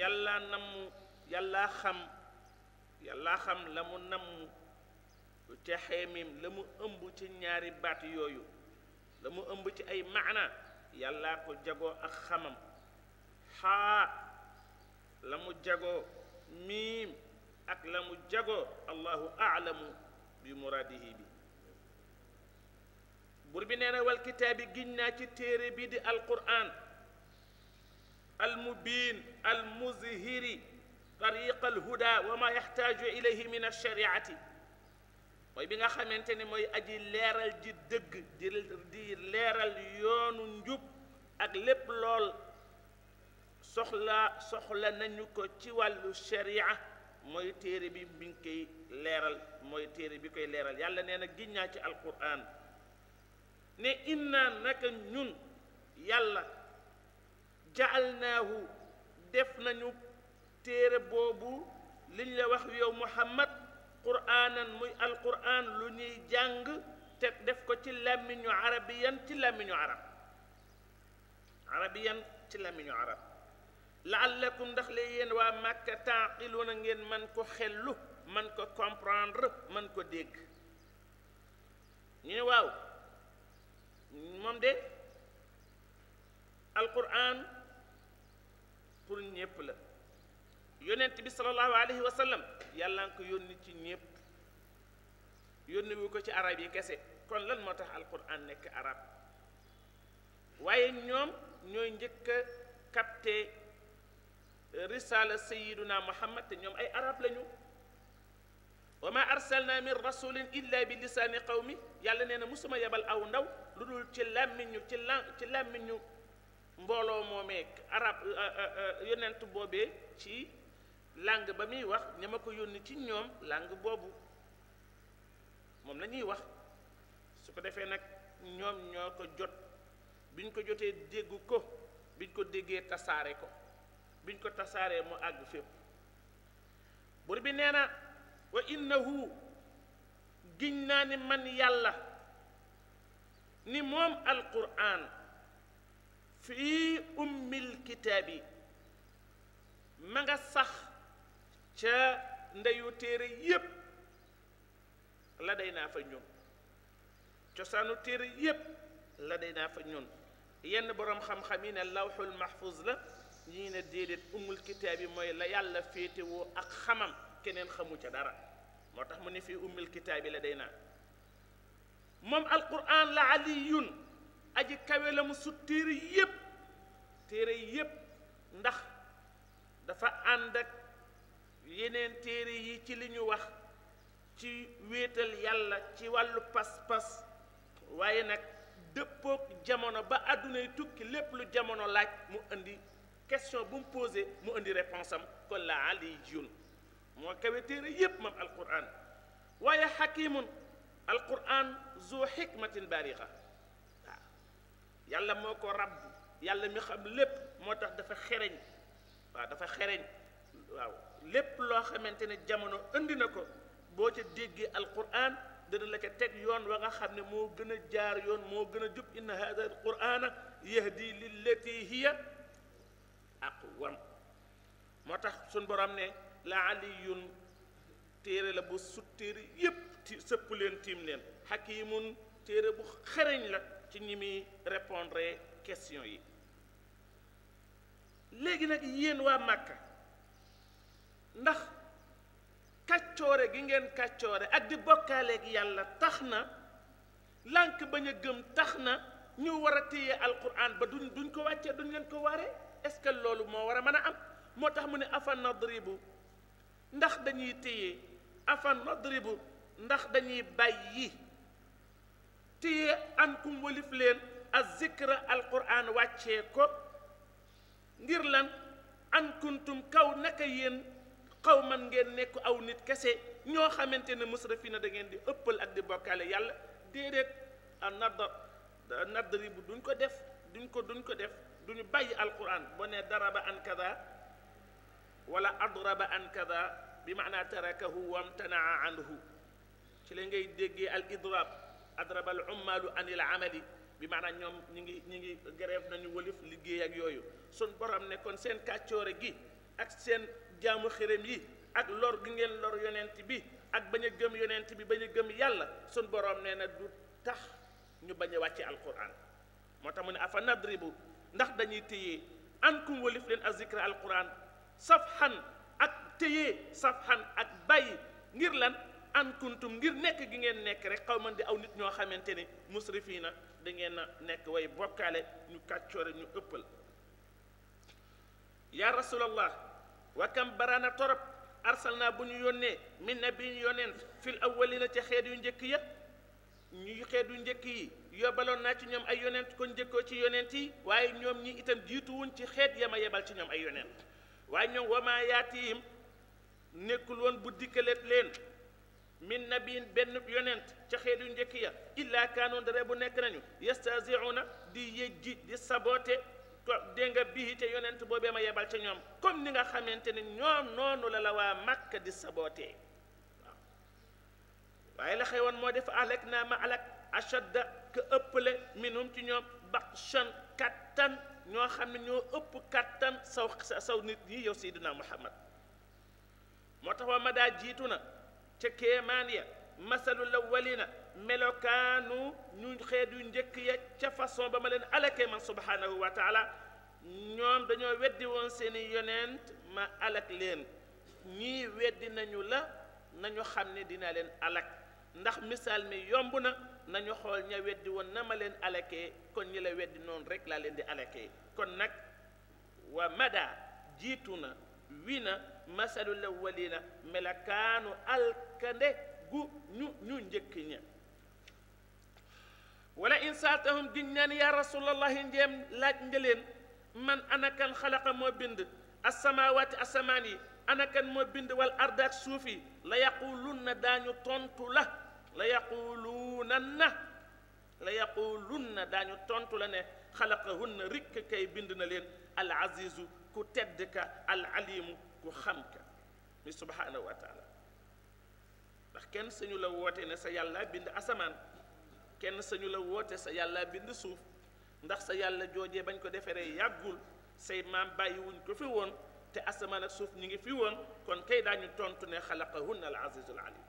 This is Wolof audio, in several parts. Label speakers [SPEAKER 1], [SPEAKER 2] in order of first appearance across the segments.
[SPEAKER 1] yàlla namm yàlla xam yàlla xam la mu namm lu ca xeemim la mu ëmb ci ñaari baat yooyu la mu ëmb ci ay maana yàllaa ko jagoo ak xamam xaa la mu jagoo miim ak la mu jagoo allahu aalamu bi muraadihi bi bur bi nee na wal kitaabi giñ naa ci téere bi di alquran almubiin almuzhiri tariqa alhuda wa ma yaxtaaju ilayhi min alshariati mooy bi nga xamante ni mooy aji leeral ji dëgg di di leeral yoonu njub ak lépp lool soxla soxla nañu ko ci wàllu sharia mooy téere bi mooy téere bi koy leeral yàlla nee na giñ naa ci alquran ne inna naka ñun yàlla jaalnaahu def nañu téere boobu liñ la wax yow muhammad quraanan muy alquran lu ñuy jàng te def ko ci làmmiñu arabiyan ci làmmiñu arab arabiyan ci làmmiñu la laallakum ndax la yéen waa màkka taaqiluuna ngeen man ko xellu man ko comprendre man ko dégg ñu ne waaw moom de alquran pour ñépp la yonent bi sallallahu alayhi wa sallam yàlla nga ko yónni ci ñépp yónni wu ko ci arab yi kese kon lan moo tax alquran nekk arab waaye ñoom ñooy njëkk a capté euh, risala naa muhammad te ñoom ay arab lañu wa ma arsalna min rasulin illa bi lisaani qawmi yàlla nee na musuma yebal aw ndaw lu dul ci làmmiñu ci làmmiñu mbooloo moomee arab euh, euh, euh, yonent boobee ci langue ba muy wax ña ma ko yónni ci ñoom langue boobu moom la ñuy wax su ko defee nag ñoom ñoo ko jot biñ ko jotee dégg ko biñ ko déggee tasaare ko biñ ko tasaaree mu àgg fépp bur bi nee na wa innahu giñ naa ni man yàlla ni moom alquran fii ummil kitaabi ma nga sax ca ndeyu téere yépp la day naa fa ñun cosaanu téere yépp la day naa fa ñun yenn boroom xam-xam yi ne lawxul mahfuz la ñii ne déedéet ummul kitaab yi mooy la yàlla féetewoo ak xamam keneen xamu ca dara moo tax mu ne fii ummil kitaabi la day naa moom alquran la aliyun aji kawe la mu sut téere yépp téere yépp ndax dafa ànd ak yeneen téere yi ci li ñu wax ci wéetal yàlla ci wàllu pas-pas waaye nag dëppook jamono ba àddunay tukki lépp lu jamono laaj mu indi question bu mu posé mu indi réponse am kon la aliyun moo kawe téere yépp moom alquran waaye xakimun alquran zu xikmatin baarixa waaw yàlla moo ko ràbb yàlla mi xam lépp moo tax dafa xereñ waaw dafa xereñ waaw lépp loo xamante ne jamono indi na ko boo ca déggee alquran dana la ca teg yoon wa nga xam ne moo gën a jaar yoon moo gën a jub inna hada alqurana yahdi lillati hiya aqwam moo tax suñ borom ne la aliyun téere la bu sut téere yépp sëpp leen tiim leen xakiimun téere bu xereñ la ci ñi muy répondre question yi léegi nag yéen waa Màkka ndax kàccoore gi ngeen kàccoore ak di bokkaaleeg yàlla tax na lànk bañ a gëm tax na ñu war a téye alquran ba duñ duñ ko wàccee duñ leen ko waare est-ce que loolu moo war a mën a am moo tax mu ne afa nadribu ndax dañuy téye afa nadribu ndax dañuy bàyyi téye an kum leen az zikra alquran wàccee ko ngir lan an kaw naka yéen xaw man ngeen nekk aw nit kese ñoo xamante ne musrafina da ngeen di ëppal ak di bokkaale yàlla déedéet a nadr nadribu duñ ko def duñ ko duñ ko def duñu bàyyi alquran boo ne daraba an kada wala adraba an kada bi ma maanaa tarakahu wamtanaa anhu ci la ngay déggee al idrab adraba al ummaalu anil amali bi maanaam ñoom ñu ngi ñi ngi grève nañu wëlif liggéey ak yooyu sun borom ne kon seen kàccoore gi ak seen jaamu xërëm yi ak lor gi ngeen lor yonent bi ak bañ a gëm yonent bi bañ a gëm yàlla sun borom nee na du tax ñu bañ a wàcce alquran moo tax mu ne afa nadribu ndax dañuy téye ankum wëlif leen azikra alquran xan téye safxan ak bàyyi ngir lan an kuntum ngir nekk gi ngeen nekk rek xaw man di aw nit ñoo xamante ni musrifiina da ngeen a nekk way bokkaale ñu kàccoore ñu ëppal yaa rasulallah wa kam baraana torop arsalna bu ñu yónnee min nabiin yonent fil awwalina ca xeet yu njëkk ya ñu xeet yu njëkk yi yobaloon naa ci ñoom ay yonent kon njëkkoo ci yonent yi waaye ñoom ñi itam jiituwuñ ci xeet yama yebal ci ñoom ay yonent waaye ñoom wamaa yaatihim nekkul woon bu dikkaleet leen min nabiin benn yonent ca xeet yu njëkk ya illaa kaanoon dara bu nekk nañu yastasiuna di yëjji di sabote to dégg nga bii te yonent boobee ma yebal ca ñoom comme ni nga xamante ne ñoom noonu la la waa Makka di sabote waaye la xewoon moo def alak naa ma alak ashadda ëpp ëppale minhum ci ñoom baqshan kattan ñoo xam ne ñoo ëpp kattan saw saw nit yi yow Seydina Muhammad moo tax wa madaa jiitu na ca kéemaan ya masalul awwalina melokaanu ñu xeet yu njëkk ya ca façon ba ma leen alakee man subhanahu wa taala ñoom dañoo weddi woon seeni yonent ma alak leen ñii weddi nañu la nañu xam ne dina leen alak ndax misaal mi yomb na nañu xool ña weddi woon na ma leen alakee kon ñi la weddi noonu rek laa leen di alakee kon nag wa mada jiitu na wi na masalul awwalina melakaanu alkande gu ñu ñu njëkk ña wala in saaltahum diñ neen yaa rasulallahi laaj nga man man anakan xalaqa moo bind asamawaati asamaan yi anakan moo bind wal arda ak suuf yi la yaqulunna daañu tontu la la yaqulunanna la yaqulunna daañu tontu la ne xalaqahunna rikk kay bind na leen al azizu ku tedd ka al alimu ku xam ka mi subhaanahu wa ndax kenn sañu la woote ne sa yàlla bind asamaan kenn sañu la woote sa yàlla bind suuf ndax sa yàlla joojee bañ ko deferee yàggul say maam bàyyiwuñ ko fi woon te asamaan ak suuf ñu ngi fi woon kon kay daañu tontu ne xalaqahunna al azizul alim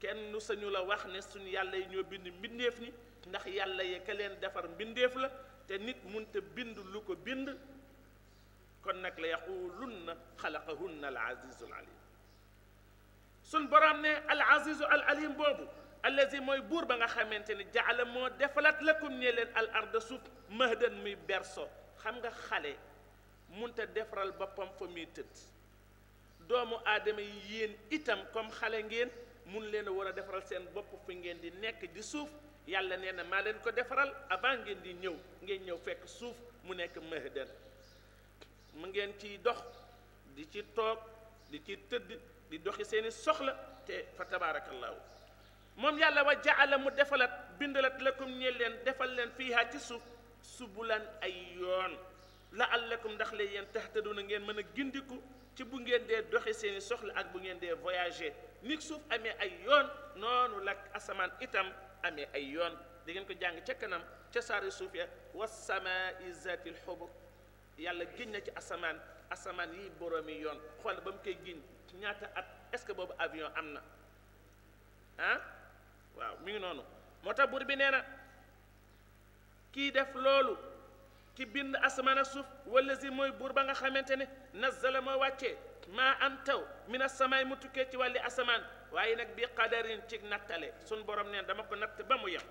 [SPEAKER 1] kenn sañu la wax ne suñu yàlla yi ñoo bind mbindeef ni ndax yàlla ye ka leen defar mbindeef la te nit munta bind lu ko bind kon nag la yaxu lu yaqulunna xalaqahunna al azizu al alim sun borom ne al azizu al alim boobu allazi mooy buur ba nga xamante ni jaala moo defalat lakum ne leen al arda suuf mahdan muy berso xam nga xale munta defaral boppam fa muy tëdd doomu aadama yi yéen itam comme xale ngeen mun leen a war a defaral seen bopp fi ngeen di nekk di suuf yàlla nee na maa leen ko defaral avant ngeen di ñëw ngeen ñëw fekk suuf mu nekk mahdan mu ngeen ciy dox di ci toog di ci tëdd di doxi seeni soxla te fa tabaarakallaahu moom yàlla wa jaala mu defalat bindalat lakum ñeel leen defal leen fiihaa ci suuf subulan ay yoon la al laallakum ndax la yéen na ngeen mën a gindiku ci bu ngeen dee doxi seeni soxla ak bu ngeen dee voyager ni suuf amee ay yoon noonu lakk asamaan itam amee ay yoon da ngeen ko jàng ca kanam ca saari suuf ya wassamaa zaati l xubur yàlla giñ na ci asamaan asamaan yi boroomi yoon xool ba mu koy ci ñaata at est-ce que boobu avion am na ah waaw mi ngi noonu moo tax buur bi nee na kii def loolu ki bind asamaan ak suuf walla si mooy buur ba nga xamante ne nazzala moo wàcce maa am taw mina samaay mu tukkee ci wàlli asamaan waaye nag bii qadarin ci nattale suñ borom neen dama ko natt ba mu yem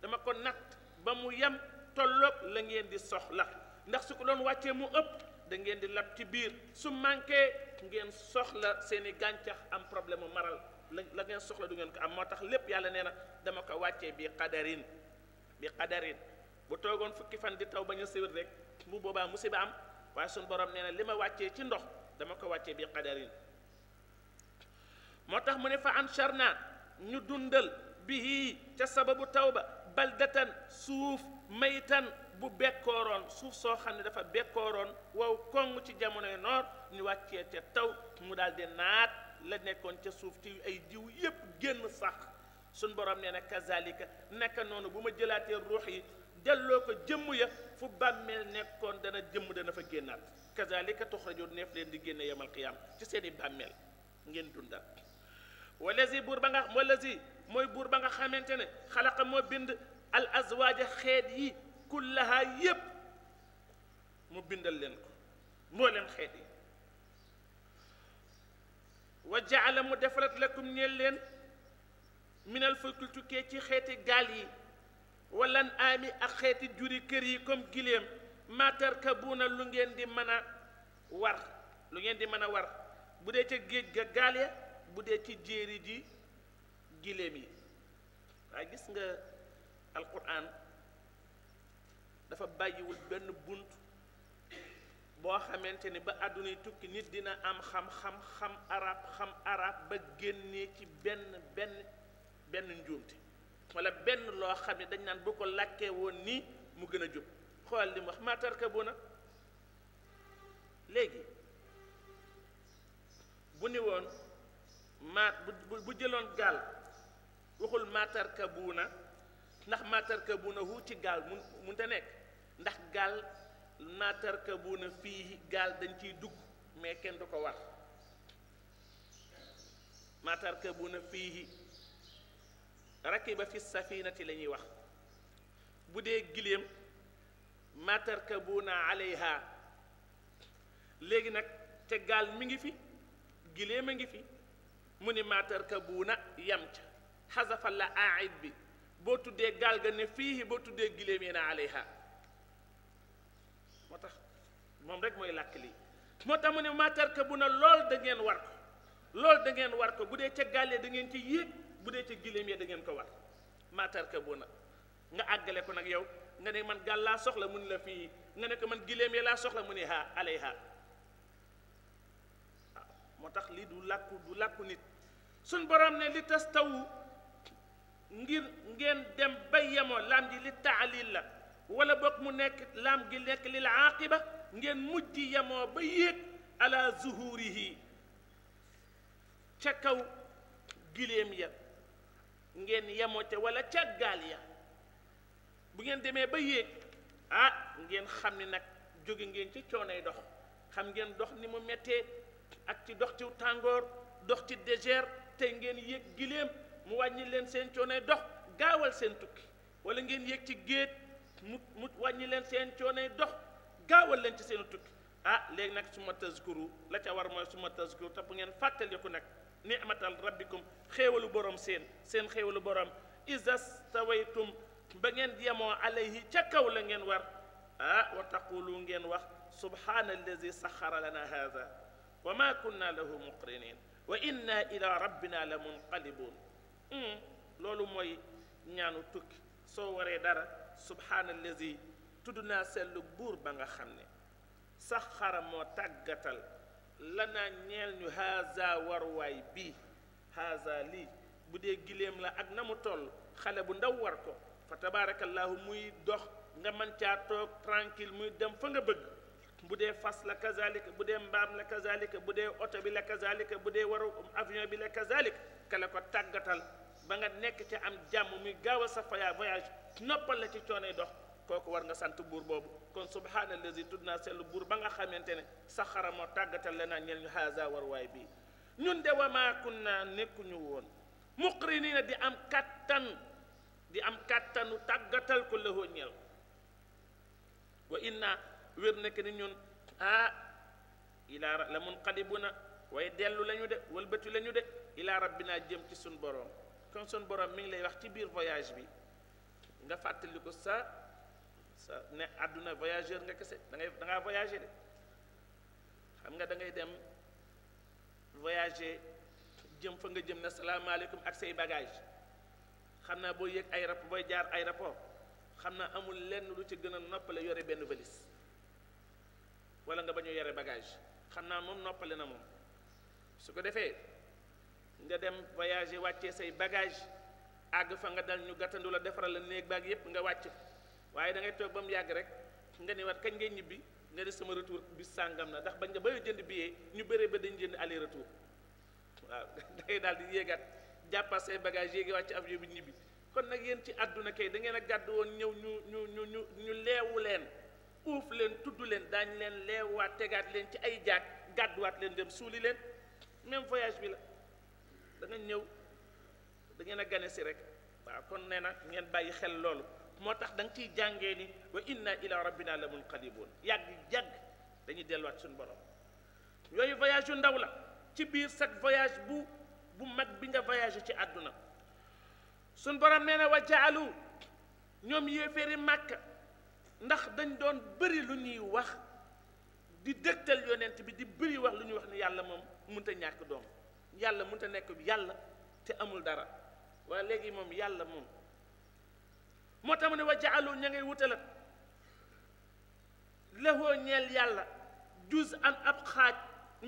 [SPEAKER 1] dama ko natt ba mu yem tolloog la ngeen di soxla ndax su ko doon wàccee mu ëpp da ngeen di lab ci biir su manqué ngeen soxla seen i gàncax am problème mu maral la ngeen soxla du ngeen ko am moo tax lépp yàlla nee na dama ko wàccee bi qadarin bi qadarin bu toogoon fukki fan di taw ba ñu séwét rek mu boobaa musiba am waaye suñu borom nee na li ma wàccee ci ndox dama ko wàccee bi qadarin moo tax mu ne fa ansharna ñu dundal bi bihi ca sababu taw ba baldatan suuf maytan bu bekkooroon suuf soo xam ne dafa bekkooroon waaw koŋ ci jamonoy noor ñu wàccee te taw mu daal di naat la nekkoon ca suuf ci ay jiw yépp génn sax suñ borom nee na kazalika naka noonu bu ma jëlaatee ruux yi delloo ko jëmm ya fu bàmmeel nekkoon dana jëmm dana fa génnaat kazalika tuxraju neef leen di génne yamal qiyaam ci seen bàmmeel ngeen dundal walazi buur ba nga walazi mooy buur ba nga xamante ne xalaqa moo bind al azwaaja xeet yi kullaha yépp mu bindal leen ko mboolem xeet yi wa jaala mu defalat lakum ñeel leen minal fulki tukkee ci xeeti gaal yi wala aami ak xeeti juri kër yi comme giléem maatar kabuuna lu ngeen di mën a war lu ngeen di mën a war bu dee ca géej ga gaal ya bu dee ci jéeri ji giléem yi waaye gis nga alquran dafa bàyyiwul benn bunt boo xamante ni ba àdduna tukki nit dina am xam-xam xam arab xam arab ba génnee ci benn benn benn njuumte wala benn loo xam ne dañ naan bu ko làkkee woon nii mu gën a jóg xool li mu wax maatarka bu na léegi bu ni woon maat bu jëloon gaal waxul maatarka bu na ndax maatarka bu na hu ci gaal mun munte nekk ndax gaal natarkabuna fii gaal dañ ciy dugg mais kenn du ko war natarkabuna fii rakiba fi safinati lañuy wax bu dee giléem matarkabuna alayha léegi nag te gaal mi ngi fi giléem a ngi fi mu ni matarkabuna yam ca xasafa la aid bi boo tuddee gaal ga ne fii boo tuddee giléem yéena alayha moo tax moom rek mooy làkk lii moo tax mu ne maatar ka bu na lool da ngeen war ko lool da ngeen war ko bu dee ca gàllee dangeen ngeen ca yéeg bu dee ca giléem ya da ngeen ko war maatar ka bu nga àggale ko nag yow nga ne man gàll laa soxla mun la fii nga ne ko man giléem ya laa soxla mu ne haa alay haa moo tax lii du làkku du làkku nit suñ borom ne li tas tawu ngir ngeen dem ba yemoo lam ji li taalil la wala boog mu nekk laam gi nekk li lil aaqiba ngeen mujj yemoo ba yéeg ala zuhurihi ca kaw giléem ya ngeen yemoo ca wala ca gaal ya bu ngeen demee ba yéeg ah ngeen xam ni nag jóge ngeen ci coonoy dox xam ngeen dox ni mu mettee ak ci dox ci tàngoor dox ci désert tey ngeen yéeg giléem mu wàññi leen seen coonay dox gaawal seen tukki wala ngeen yéeg ci géej mu mu wàññi leen seen coono dox gaawal leen ci seen tukki ah léegi nag su ma tazkuru la ca war mooy su ma tazkuru te bu ngeen fàttaliku nag ni'matal rabbikum xéewalu borom seen seen xéewalu borom izastawaytum ba ngeen yemoo alayhi ca kaw la ngeen war ah wa taqulu ngeen wax subhaana allazi saxara lana hada wa ma kunna lahu muqrinin wa inna ila rabbina la munqalibun hmm, loolu mooy ñaanu tukki soo waree dara subhaanallazi tudd naa seetlu buur ba nga xam ne sax xaramoo moo tàggatal lanaa ñeel ñu haza waruwaay bi haza lii bu dee giléem la ak na mu toll xale bu ndaw war ko fa tabaarakallaahu muy dox nga mën caa toog tranquille muy dem fa nga bëgg bu dee fas la kazalika bu dee mbaam la kazalika bu dee oto bi la kazalika bu dee waru avion bi la kazalika ka ko tàggatal ba nga nekk ci am jàmm muy gaaw a sa faya voyage noppal la ci coonoy dox kooku war nga sant buur boobu kon subhaanallazi tudd naa seetlu buur ba nga xamante ne sa xara tàggatal la naa ñel ñu haasa war waay bii ñun de wamaakun naa nekkuñu woon muqri nii na di am kattan di am kattanu tàggatal ko lëhoo ñel wa inna wér nekk ni ñun ah ilaa la mun na waaye dellu lañu ñu de walbati la ñu de ilaa rabbinaa jëm ci suñ boroom kon sun borom mi ngi lay wax ci biir voyage bi nga fàttali ko sa sa ne àdduna voyageur nga kese da ngay da ngaa de xam nga dangay dem voyagé jëm fa nga jëm ne salaamaaleykum ak say bagage xam naa boo yëg ay rap booy jaar aéroport xam naa amul lenn lu ci gën a noppale yore benn valise wala nga bañu yore bagage xam naa moom noppale na moom su ko defee nga dem voyager wàccee say bagage àgg fa nga dal ñu gàttandu la defaral la néeg baag yépp nga wàcc waaye da ngay toog ba mu yàgg rek nga ne wat kañ ngay ñibbi nga ne sama retour bi sàngam na ndax bañ nga bay jënd billet ñu bëree ba dañ jënd aller retour waaw da ngay daal di yéegaat jàppal say bagage yéegi wàcc avion bi ñibbi kon nag yéen ci àdduna kay da ngeen a gàddu woon ñëw ñu ñu ñu ñu ñu leewu leen uuf leen tudd leen daañ leen leewaat tegaat leen ci ay jaag gàdduwaat leen dem suuli leen même voyage bi la da ñëw dangeen ngeen a gane rek waaw kon nee na ngeen bàyyi xel loolu moo tax danga ciy jàngee ni wa inna ila rabbina la munqalibuun yàgg yàgg dañuy delluwaat suñu borom yooyu voyage yu ndaw la ci biir chaque voyage bu bu mag bi nga voyagé ci àdduna suñ borom nee na wa jaalu ñoom yéeféeri màkk ndax dañ doon bëri lu ñuy wax di dëgtal yonent bi di bëri wax lu ñuy wax ni yàlla moom mënta ñàkk doom yàlla mun a nekk yàlla te amul dara waaye léegi moom yàlla moom moo tax mu ne wa jaalu ña ngay wutalat lëxoo ñeel yàlla juz am ab xaaj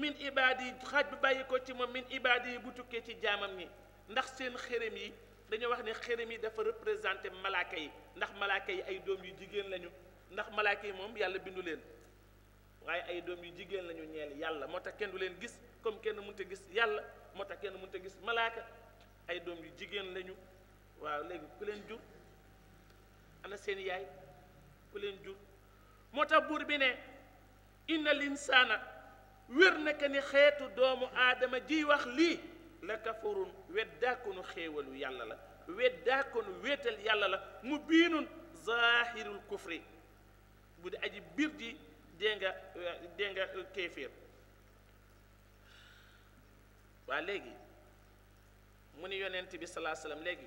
[SPEAKER 1] min ibaadi yi xaaj bi bàyyi ko ci moom min ibaadi yi bu tukkee ci jaamam ñi ndax seen xërëm yi dañoo wax ne xërëm yi dafa représenté malaaka yi ndax malaaka yi ay doom yu jigéen lañu ndax malaaka yi moom yàlla bindu leen waaye ay doom yu jigéen lañu ñeel yàlla moo tax kenn du leen gis comme kenn mënut a gis yàlla moo tax kenn mënut gis malaaka ay doom yu jigéen lañu waaw léegi ku leen jur ana seen yaay ku leen jur moo tax buur bi ne inna linsaana wér naka ni xeetu doomu aadama ji wax lii la kafurun weddaakonu xéewalu yàlla la weddaakonu wéetal yàlla la mu biinun zaahirul kufri bu di aji biir ji dee nga euh, kéeféer waa léegi mu ne yonent bi salaa salaam léegi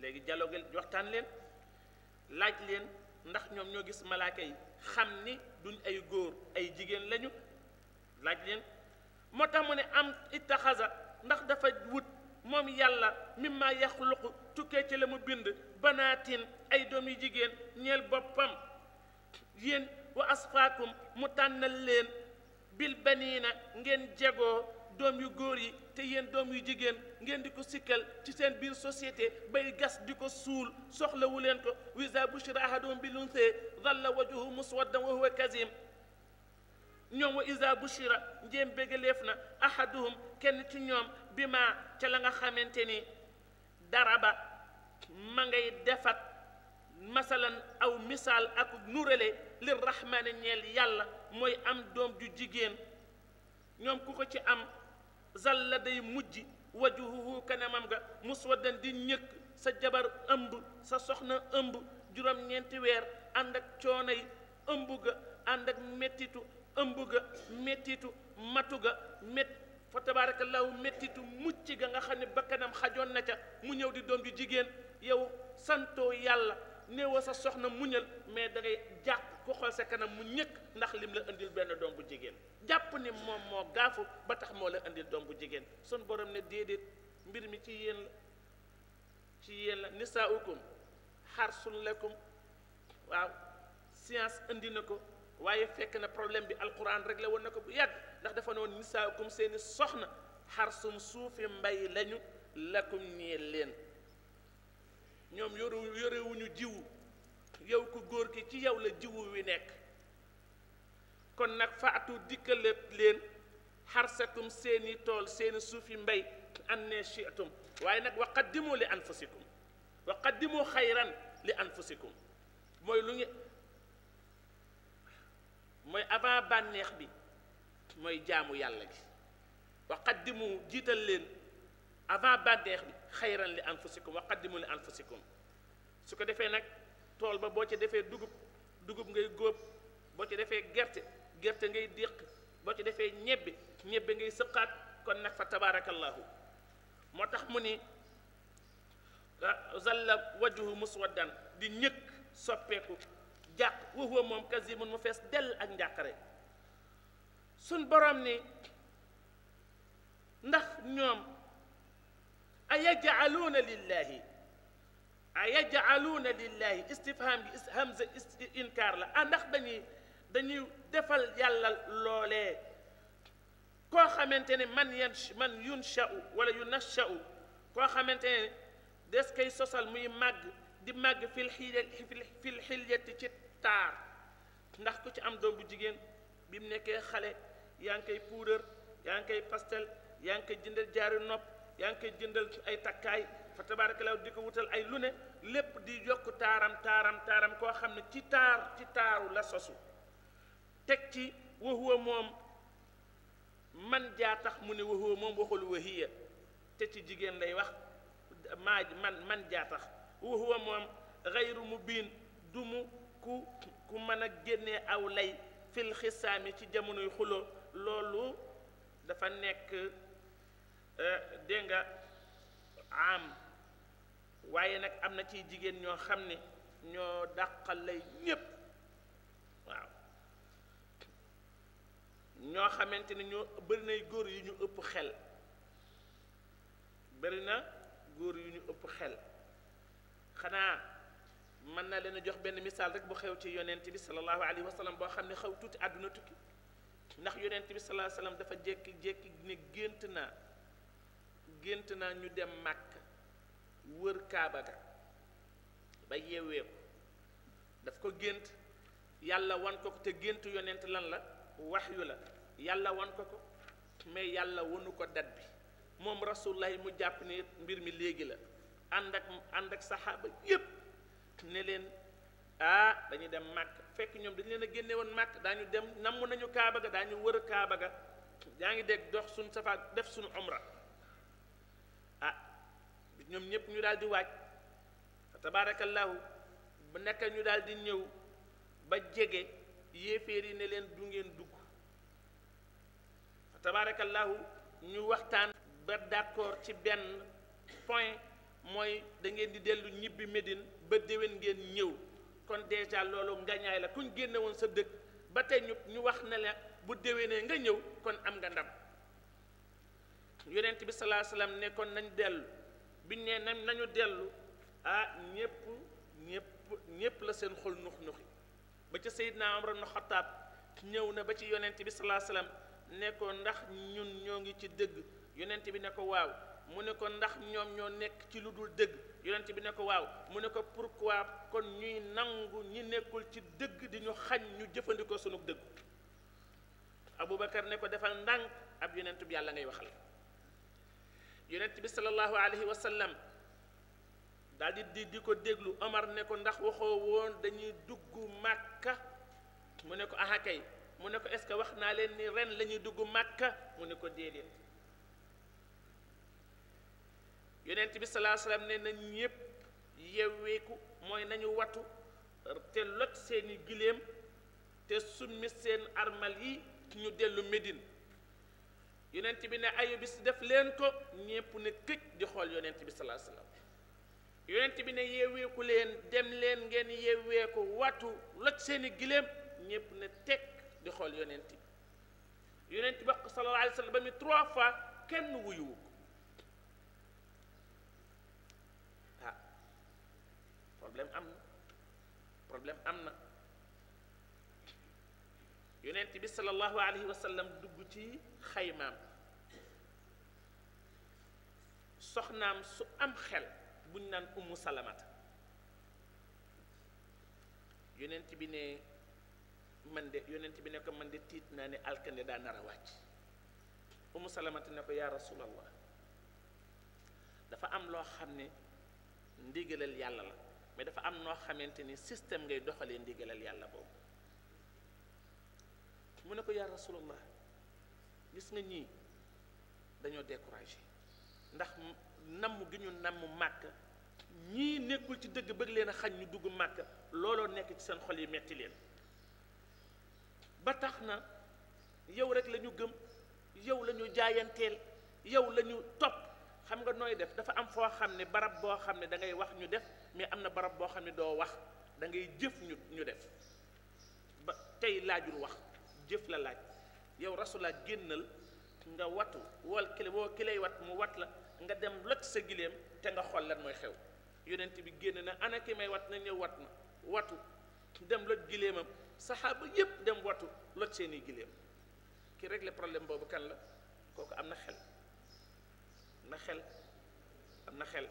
[SPEAKER 1] léegi dialogue waxtaan leen laaj leen ndax ñoom ñoo gis malaaka yi xam ni duñ ay góor ay jigéen lañu laaj leen moo tax mu ne am ittaxasa ndax dafa wut moom yàlla mimma yaxluqu tukkee ci la mu bind banaatin ay doom yu jigéen ñeel boppam yéen wa asfaakum mu tànnal leen bil baniina ngeen jegoo doom yu góor yi te yéen doom yu jigéen ngeen di ko sikkal ci seen biir société bay gas di ko suul soxlawu leen ko wisa bushira ahaduhum bil unsee dalla wajuhu muswaddan wa huwa kazim ñoom wa isa bushira njéem bégaleef na ahaduhum kenn ci ñoom bi ma ca la nga xamante ni dara ba ma ngay defat masalan aw misaal ak nurale li rahmaani ñeel yàlla mooy am doom ju jigéen ñoom ku ko ci am zalla day mujj wajuhuhu kanamam ga muswaddan di ñëkk sa jabar ëmb sa soxna ëmb juróom-ñeenti weer ànd ak coono yi ëmb ga ànd ak mettitu ëmb ga mettitu matu ga mét fa tabarakallahu mettitu mucc ga nga xam ne kanam xajoon na ca mu ñëw di doom ju jigéen yow santoo yàlla néewoo sa soxna muñal mais dangay ngay jàq ku xool sa kanam mu ñëkk ndax lim la indil benn doom bu jigéen jàpp ni moom moo gaafu ba tax moo la indil doom bu jigéen sun borom ne déedéet mbir mi ci yéen la ci yéen la nisaaukum xarsun lakum waaw science indi na ko waaye fekk na problème bi alquran rek la woon na ko bu yàgg ndax dafa noon nisaaukum seeni soxna xarsum suufi mbay lañu lakum ñeel leen ñoom yoru yorewuñu jiwu yow ku góor gi ci yow la jiwu wi nekk kon nag fa atu dikkalat leen xarsatum seeni tool seeni suufi mbay an ne chiatum waaye nag waxat waqaddimu li anfusikum waqaddimu xayran li anfusikum mooy lu ñu mooy avant bànneex bi mooy jaamu yàlla gi waqaddimu jiital leen avant bànneex bi xayran li anfusikum wa qaddimu li anfusikum su ko defee nag tool ba boo ci defee dugub dugub ngay góob boo ci defee gerte gerte ngay déq boo ci defee ñebbe ñebbe ngay sëqaat kon nag fa tabaarakallaahu moo tax mu ni ah, zalla wajhu muswaddan di ñëkk soppeeku jàq wa moom moom kazimun mu fees dell ak njàqare suñ borom ni ndax ñoom ayajcaluuna lillahi ayajcaluuna lillahi istifham gi hamza inkaar la ah ndax dañuy dañuy defal yàlla loole koo xamante ne man yan man yunshau wala yunashau koo xamante ne des kay sosal muy màgg di màgg fil fil ci taar ndax ku ci am doom jigéen bi mu nekkee xale yaa ngi koy puudar yaa ngi koy pastel yaa ngi koy jëndal jaari nopp yaa ngi koy jëndal ci ay takkaay fa tabaarakalaw di ko wutal ay lu ne lépp di yokk taaram taaram taaram koo xam ne ci taar ci taaru la sosu teg ci wahuwa moom man jaa tax mu ne wahuwa moom waxul wahiya te ci jigéen lay wax maa man man jaa tax wahuwa moom xayru mu biin du mu ku ku mën a génne aw lay fil xisaami ci jamonoy xuloo loolu dafa nekk Eh, dénga am waaye nag am na ciy jigéen ñoo xam ni ñoo dàqal lay ñépp waaw ñoo xamante ni ñoo bari nay góor yu ñu ëpp xel bëri na góor yu ñu ëpp xel xanaa man naa leen jox benn misaal rek bu xew ci yonent bi sallallahu alayhi wa boo xam ne xew tuuti àdduna tukki ndax yonent bi sallallahu alayhi dafa jékki jékki ne gént na gént naa ñu dem màkk wër kaaba ga ba yeewee ko daf ko gént yàlla wan ko ko te gént yonent lan la wax yu la yàlla wan ko ko mais yàlla wanu ko dat bi moom rasulullah mu jàpp ne mbir mi léegi la ànd ak ànd ak saxaaba yépp ne leen ah dañu dem màkk fekk ñoom dañu leen a génne woon màkk daañu dem namm nañu kaaba ga dañu wër kaaba ga yaa ngi dégg dox suñ safaat def suñu omra ñoom ñëpp ñu daal di waaj fa tabaarakallaahu bu nekk ñu daal ñëw ba jege yéeféer yi ne leen du ngeen dugg fa tabaarakallaahu ñu waxtaan ba d'accord ci benn point mooy dangeen di dellu ñibbi Médine ba déwén ngeen ñëw kon déjà loolu ngañaay la kuñ génnewoon sa dëkk ba tey ñu ñu wax ne la bu déwénee nga ñëw kon am nga ndam yonent bi salaa salaam ne kon nañ dellu biñ ne nañ nañu dellu ah ñépp ñépp ñépp la seen xol nux nuxi ba ca Seydina Umar ibn Xattaab ñëw na ba ci yonent bi salaa salaam ne ko ndax ñun ñoo ngi ci dëgg yonent bi ne ko waaw mu ne ko ndax ñoom ñoo nekk ci lu dul dëgg yonent bi ne ko waaw mu ne ko pour pourquoi kon ñuy nangu ñi nekkul ci dëgg di ñu xañ ñu jëfandikoo sunug dëgg Aboubacar ne ko defal ndànk ab yonent bi yàlla ngay waxal yonent bi sallallahu alayhi wa sallam di di ko déglu Omar ne ko ndax waxoo woon dañuy dugg màkka mu ne ko aha kay mu ne ko est-ce que wax naa leen ni ren lañuy dugg màkka mu ne ko déedéet yonent bi salaa salaam ne na ñépp yewweeku mooy nañu watu te lot seeni giléem te summi seen armal yi ñu dellu Médine yonent bi ne ayu bis def leen ko ñépp ne këj di xool yonent bi salaa salaam yonent bi ne yeeweeku leen dem leen ngeen yeeweeku watu loj seeni giléem ñépp ne teg di xool yonent bi yonent ba sallallahu alayhi wa sallam ba mi trois fois kenn wuyuwu ko ah problème am na problème am na yonent bi sallallahu alayhi wa sallam dugg ci xaymaam soxnaam su am xel buñ naan ummu salamata yonent bi ne man de yonent bi ne ko man de tiit naa ne alkande daa nar a wàcc ummu salamata ne ko yaa rasulallah dafa am loo xam ne ndigalal yàlla la mais dafa am noo xamante ni système ngay doxalee ndigalal yàlla boobu mu ne ko yaa rasulallah gis nga ñii dañoo découragé ndax namm gi ñu namm màkk ñii nekkul ci dëgg bëgg leen xaj xañ ñu dugg màkk looloo nekk ci seen xol yi metti leen ba tax na yow rek la ñu gëm yow lañu jaayanteel yow la topp xam nga nooy def dafa am foo xam ne barab boo xam ne dangay wax ñu def mais am na barab boo xam ne doo wax da ngay jëf ñu ñu def ba tey laajul wax jëf la laaj yow rasulaa génnal nga watu wal kile woo kilay wat mu wat la nga dem lot sa gileem te nga xool lan mooy xew yonent bi génn na ana ki may wat na ñëw wat ma watu dem lot gileemam saxaaba yépp dem watu lot seeni gileem ki régler problème boobu kan la kooku am na xel na xel am na xel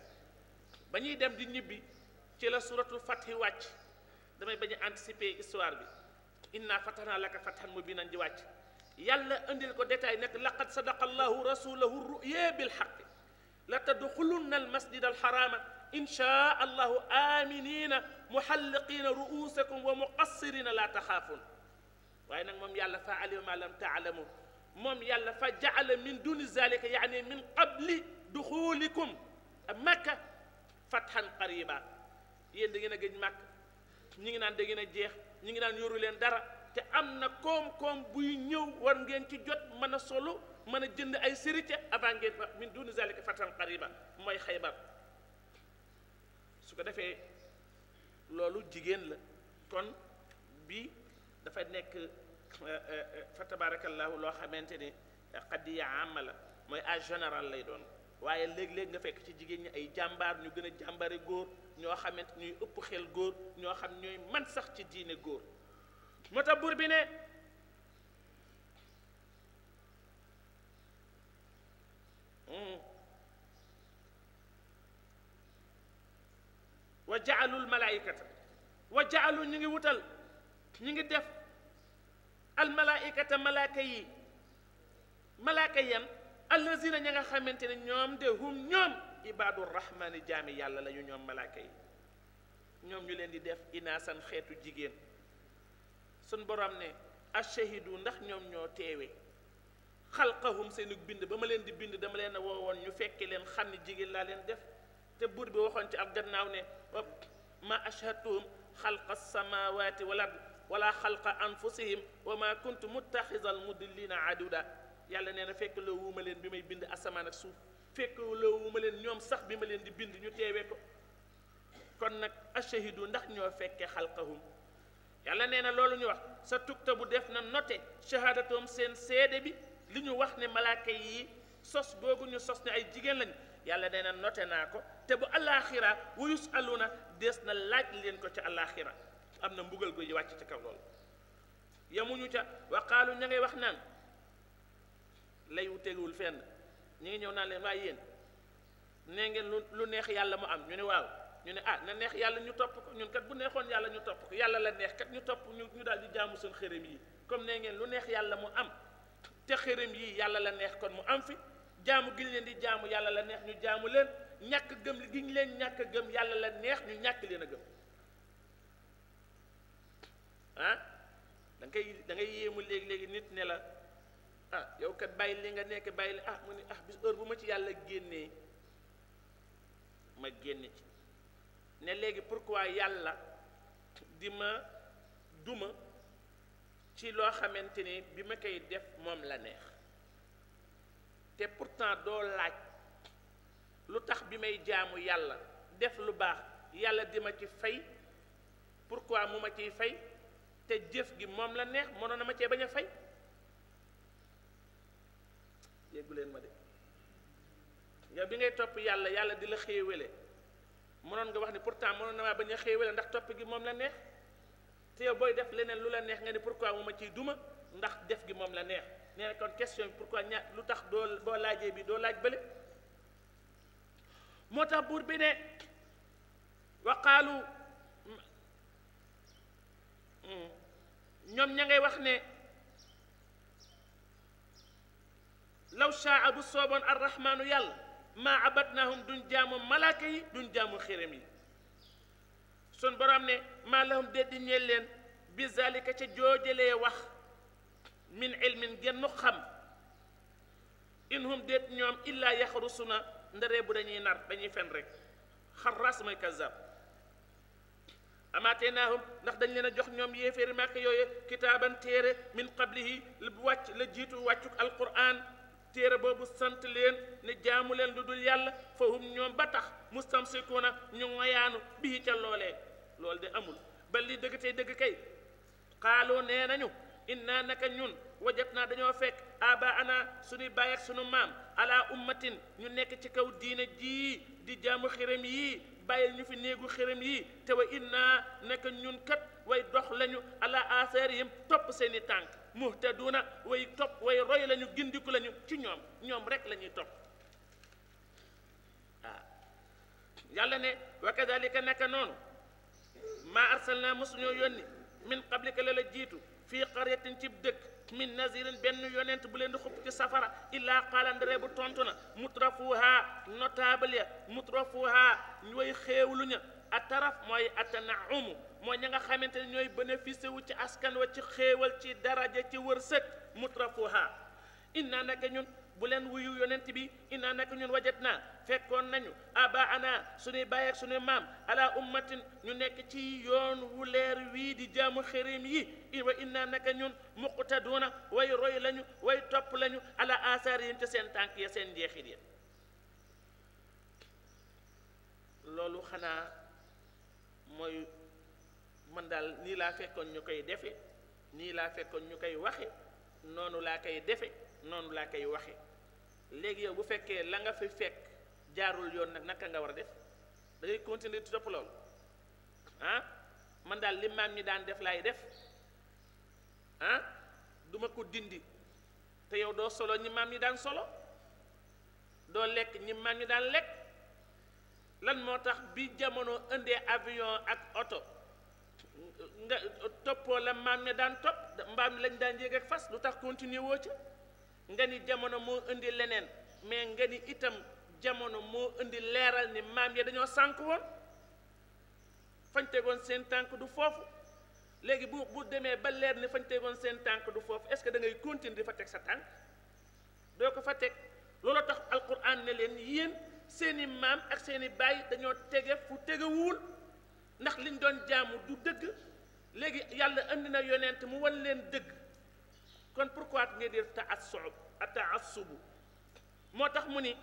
[SPEAKER 1] ba ñuy dem di ñibbi ci la suratul fathi wàcc damay bañ a anticiper bi inna fatahna laka fathan mubinan ji wàcc yàlla indil ko détail nag laqad sadaqa allahu rasulahu ruya bil haqq la tadxulunna al masjid al harama insha allahu aminina muhalliqina ru'usakum wa muqassirina la taxaafun waaye nag moom yàlla fa alima ma lam taalamu moom yàlla fa jaala min duni zalika yaani min qabli duxulikum makka fathan qariba yéen da ngeen a gëj màkk ñu ngi naan da ngeen a jeex ñu ngi daan yoru leen dara te am na koom-koom buy ñëw war ngeen ci jot mën a solo mën a jënd ay sérité avant ngeen fa min duni zalika fatan mooy xaybar su ko defee loolu jigéen la kon bi dafa nekk euh, euh, fa tabarakallahu loo xamante ni xaddiya ama la mooy à général lay doon waaye léeg-léeg nga fekk ci jigéen ñi ay jàmbaar ñu gën a jàmbaare góor ñoo xamante ñuy ëpp xel góor ñoo xam ñooy man sax ci diine góor moo tax buur bi ne hmm. wa jaalul malaayikata wa jaalu ñu ngi wutal ñu ngi def al malaayikata malaaka yi malaaka yan allazina ña nga xamante ne ñoom de hum ñoom ibaadu rahmaani jaami yàlla la ñoom malaaka yi ñoom ñu leen di def inaasan xeetu jigéen sun borom ne ashahidu ndax ñoom ñoo teewe xalqahum seenu bind ba ma leen di bind dama leen a woo woon ñu fekke leen xam ne jigéen laa leen def te buur bi waxoon ci ab gannaaw ne ma ashhadtuhum xalqa samaawaati wal ard wala xalqa anfusihim wa ma kuntu muttaxidal mudillina aduda yàlla nee na fekk loo wuuma leen bi may bind asamaan ak suuf fekk loowu ma leen ñoom sax bi ma leen di bind ñu teewee ko kon nag ashahidu ndax ñoo fekkee xalqahum yàlla nee na loolu ñu wax sa tukta bu def na note shahaadatoom seen seede bi li ñu wax ne malaaka yi sos googu ñu sos ne ay jigéen lañu yàlla nee na note naa ko te bu alaaxira wa yusaluna des na laaj leen ko ci alaaxira am na mbugal gu wàcc ci kaw loolu yemuñu ca waqaalu ña ngay wax naan layu teguwul fenn ñu ngi ñëw naa leen waaye yéen nee ngeen lu lu neex yàlla mu am ñu ne waaw ñu ne ah na neex yàlla ñu topp ko ñun kat bu neexoon yàlla ñu topp ko yàlla la neex kat ñu topp ñu ñu daal di jaamu seen xërëm yi comme nee ngeen lu neex yàlla mu am te xërëm yii yàlla la neex kon mu am fi jaamu gi leen di jaamu yàlla la neex ñu jaamu leen ñàkk gëm gi ñu leen ñàkk gëm yàlla la neex ñu ñàkk leen a gëm ah da ngay da ngay yéemu léegi léegi nit ne la. ah yow kat bàyyi li nga nekk bàyyi li ah mu ni ah bis heure bu ma ci yàlla génnee ma génn ci ne léegi pour pourquoi yàlla di ma duma ci loo xamante ni bi ma koy def moom la neex te pour pourtant doo laaj lu tax bi may jaamu yàlla def lu baax yàlla di ma ci pour quoi mu ma ciy fay te jëf gi moom la neex mënoon na ma cee bañ a fay yéggu leen ma de yow bi ngay topp yàlla yàlla di la xéewale mënoon nga wax ni pourtant mënoon na maa bañ a xéewale ndax topp gi moom la neex te yow booy def leneen lu la neex nga ni pourquoi mu ma ciy duma ndax def gi moom la neex nee na question bi pourquoi ña lu tax doo boo laajee bi doo laaj bële moo tax buur bi ne waqaalu mm, mm, ñoom ña ngay wax ne law shaa bu sooboon arrahmaanu yàlla maa abadnaahum duñ jaamu malaaka yi duñ jaamu xéram yi sun borom ne maa lahum déddi ñeel leen bi zalika ca joojalee wax min ilmin gennu xam in hum déet ñoom illaa yaxrusuna ndaree bu dañuy nar dañuy fen rek xarras mooy kazab naa naahum ndax dañ leen a jox ñoom yéeféeri màkk yooyu kitaaban téere min qablihi lu wàcc la jiitu wàccuk alquran téere boobu sant leen ne jaamu leen lu dul yàlla fa hum ñoom ba tax mu mustamsikuuna ñu ngoyaanu bii ca loolee loolu di amul ba li dëgg tey dëgg kay xaaloo nee nañu inna naka ñun wajat naa dañoo fekk aba ana suñuy bàyyi ak sunu maam ala ummatin ñu nekk ci kaw diina jii di jaamu xiram yii bàyyil ñu fi néegu xërëm yi te wa inna nekk ñun kat way dox lañu ala aseer yim topp seen i tànk na way topp way roy lañu gindiku lañu ci ñoom ñoom rek lañuy ñuy topp waaw ah. yàlla ne wa kadalika noonu maa arsalna mosuñoo yónni min qablika la la jiitu fii qaryatin cib dëkk min nazirin benn yonent bu leen di xupp ci safara illaa qaala ndare bu tontu na mutrafuha notable ya mutrafuha ñooy xéewlu ña ataraf mooy atanaumu mooy ña nga xamante ne ñooy bénéficié wu ci askan wa ci xéewal ci daraja ci wërsëg indi inna naka ñun bu leen wuyu yonent bi inna naka ñun wajat naa fekkoon nañu aba ana suñuy baay ak suñuy maam ala ummatin ñu nekk ci yoon wu leer wii di jaamu xërim yi wa inna naka ñun muqtaduuna way roy lañu way topp lañu ala asaar yi seen tànk ya seen njeexit ya loolu xanaa mooy mën daal nii laa fekkoon ñu koy defe nii laa fekkoon ñu koy waxe noonu laa koy defe noonu laa koy waxe léegi yow bu fekkee la nga fi fekk jaarul yoon nag naka nga war a def da ngay continuer topp loolu ah man daal li maam ñi daan def laay def ah duma ko dindi te yow doo solo ñi maam ñi daan solo doo lekk ñi maam ñi daan lekk lan moo tax bi jamono indee avion ak oto nga toppoo la maam ña daan topp mbaam lañ daan yéeg ak fas lu tax continuer woo ca nga ni jamono moo indi leneen mais nga ni itam jamono moo indi leeral ni maam ya dañoo sànk woon fañ tegoon seen tànk du foofu léegi bu bu demee ba leer ni fañ tegoon seen tànk du foofu est-ce que da ngay continuer di fa teg sa tànk doo ko fa teg loolu tax alquran ne leen yéen seeni maam ak seeni baay dañoo tege fu tegewul ndax liñ doon jaamu du dëgg léegi yàlla indi na yonent mu wan leen dëgg kon pour pourquoi ngeen di taassub a taassubu moo tax mu ni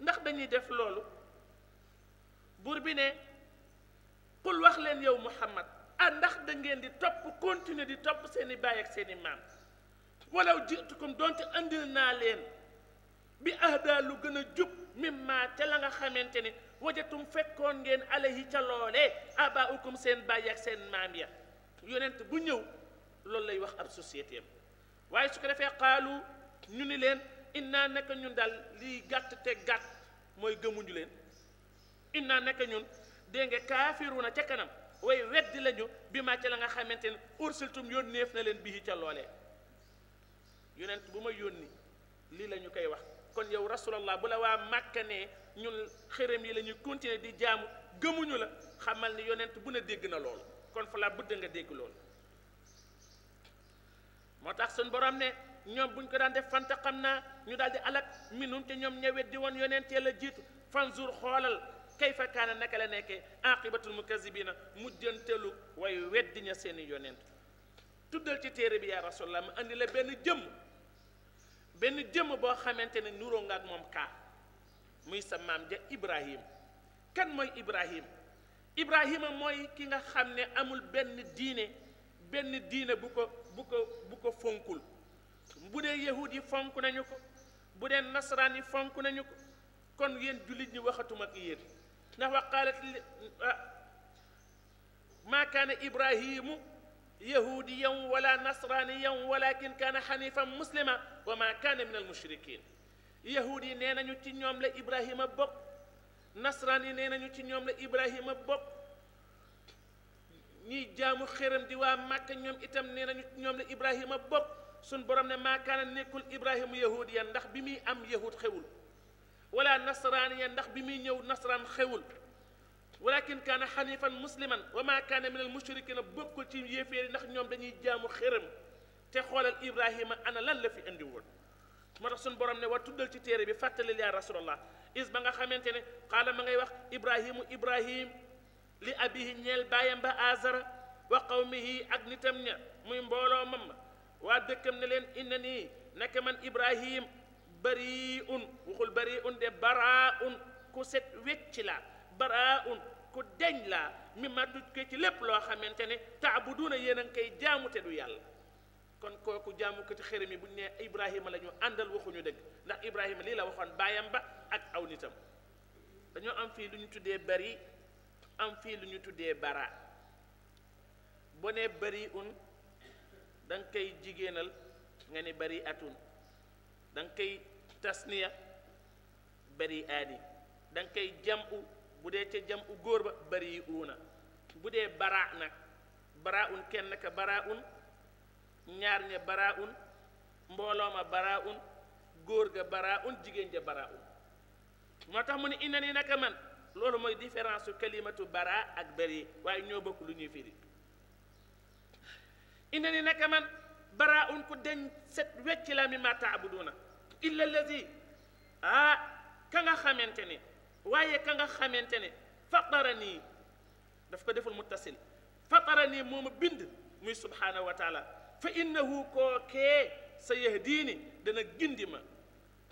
[SPEAKER 1] ndax dañuy def loolu buur bi ne xul wax leen yow muhammad ah ndax da ngeen di topp continuer di topp seeni baay ak seeni maam walaw jitukum donte andil naa leen bi ahdaa lu gën a jub mimma ca la nga xamante ne wajatum fekkoon ngeen yi ca loolee abaukum seen baay ak seen maam ya yonent bu ñëw loolu lay wax ab société waaye su ko defee xaalu ñu ni leen innaa nekk ñun daal lii gàtt te gàtt mooy gëmuñu leen indi naa nekk ñun dégg nga kaafiruuna ca kanam way weddi lañu bi ma ca la nga xamante ne ursiltum yónneef na leen bii ca loolee yonent bu ma yónni lii lañu koy wax kon yow rasulallah bu la waa Màkka nee ñun xërëm yi lañuy ñuy di jaamu gëmuñu la xamal ni yonent bu ne dégg na loolu kon fa la bëgg nga dégg loolu moo tax suñ borom ne ñoom buñ ko daan def fanta naa ñu daal di alak minum te ñoom ña weddi woon yonentee a jiitu fanzur xoolal kayfa kaana naka la nekkee aqibatul mukazibina mujjantelu way weddi ña seeni yonent tuddal ci téere bi yaa rasulallah mu andi la benn jëmm benn jëmm boo xamante ne nuroo nga ak moom kaa muy sa maam ja ibrahim kan mooy ibrahim ibrahima mooy ki nga xam ne amul benn diine benn diine bu ko bu ko bu ko fonkul bu dee yahud yi fonk nañu ko bu dee nasaraan yi fonk nañu ko kon yéen jullit ñi waxatuma ak yéen ndax wa qaalat ah, maa kaana ibrahimu yahudiyan wala nasraniyan walakin kaana xanifan muslima wa maa kaana min almushrikin yahud yi nee nañu ci ñoom la ibrahima bokk nasraan yi nee nañu ci ñoom la ibrahima bokk ñiy jaamu xéram di waa màkka ñoom itam nee nañu ci ñoom la ibrahima bokk suñ borom ne maakaana nekkul ibrahima yahudiyan ndax bi muy am yahud xewul wala nasraaniyan ndax bi muy ñëw nasaraan xewul walla walakin kaana xanifan musliman wa maa kaana min al mushrikina bokkul ci yéeféeri ndax ñoom dañuy jaamu xërëm te xoolal ibrahima ana lan la fi indi woon moo tax suñ borom ne war tuddal ci téere bi fàttalil yaa rasulallah is ba nga xamante ne xaala ma ngay wax ibrahimu ibrahim li abihi ñeel baayam ba azara wa qawmihi ak nitam ña muy mbooloo mam waa dëkkam ne leen inna nii naka man ibrahim bari un waxul bari un de bara un ku set wecci laa bara un ku deñ laa mi ma duj ci lépp loo xamante ne taabuduuna yéen a ngi koy jaamute du yàlla kon kooku jaamu ko ci xërëm yi bu ñu nee ibrahima la ñu àndal waxuñu dëgg ndax ibrahima lii la waxoon baayam ba ak aw nitam dañoo am fii lu ñu tuddee bari am fii lu ñu tuddee bara boo nee un danga koy jigéenal nga ni bari atun danga koy tasniya bari aani da koy jam u bu dee ca jam u góor ba bari uuna bu dee baraa nag baraa un kenn ka baraa un ñaar ña baraa un mbooloo ma baraa un góor ga baraa un jigéen ja baraa un moo tax mu ne inna ni naka man loolu mooy différence su kalimatu baraa ak bari waaye ñoo bokk lu ñuy firi inna ni naka man bara un ku deñ set wecc la mi ma taabuduna illa lazi ah ka nga xamante ne waaye ka nga xamante ne fatara nii daf ko deful muttasil fatara nii moomu bind muy subhaanahu wa taala fa innahu koo kee sa yahdiini dana gindi ma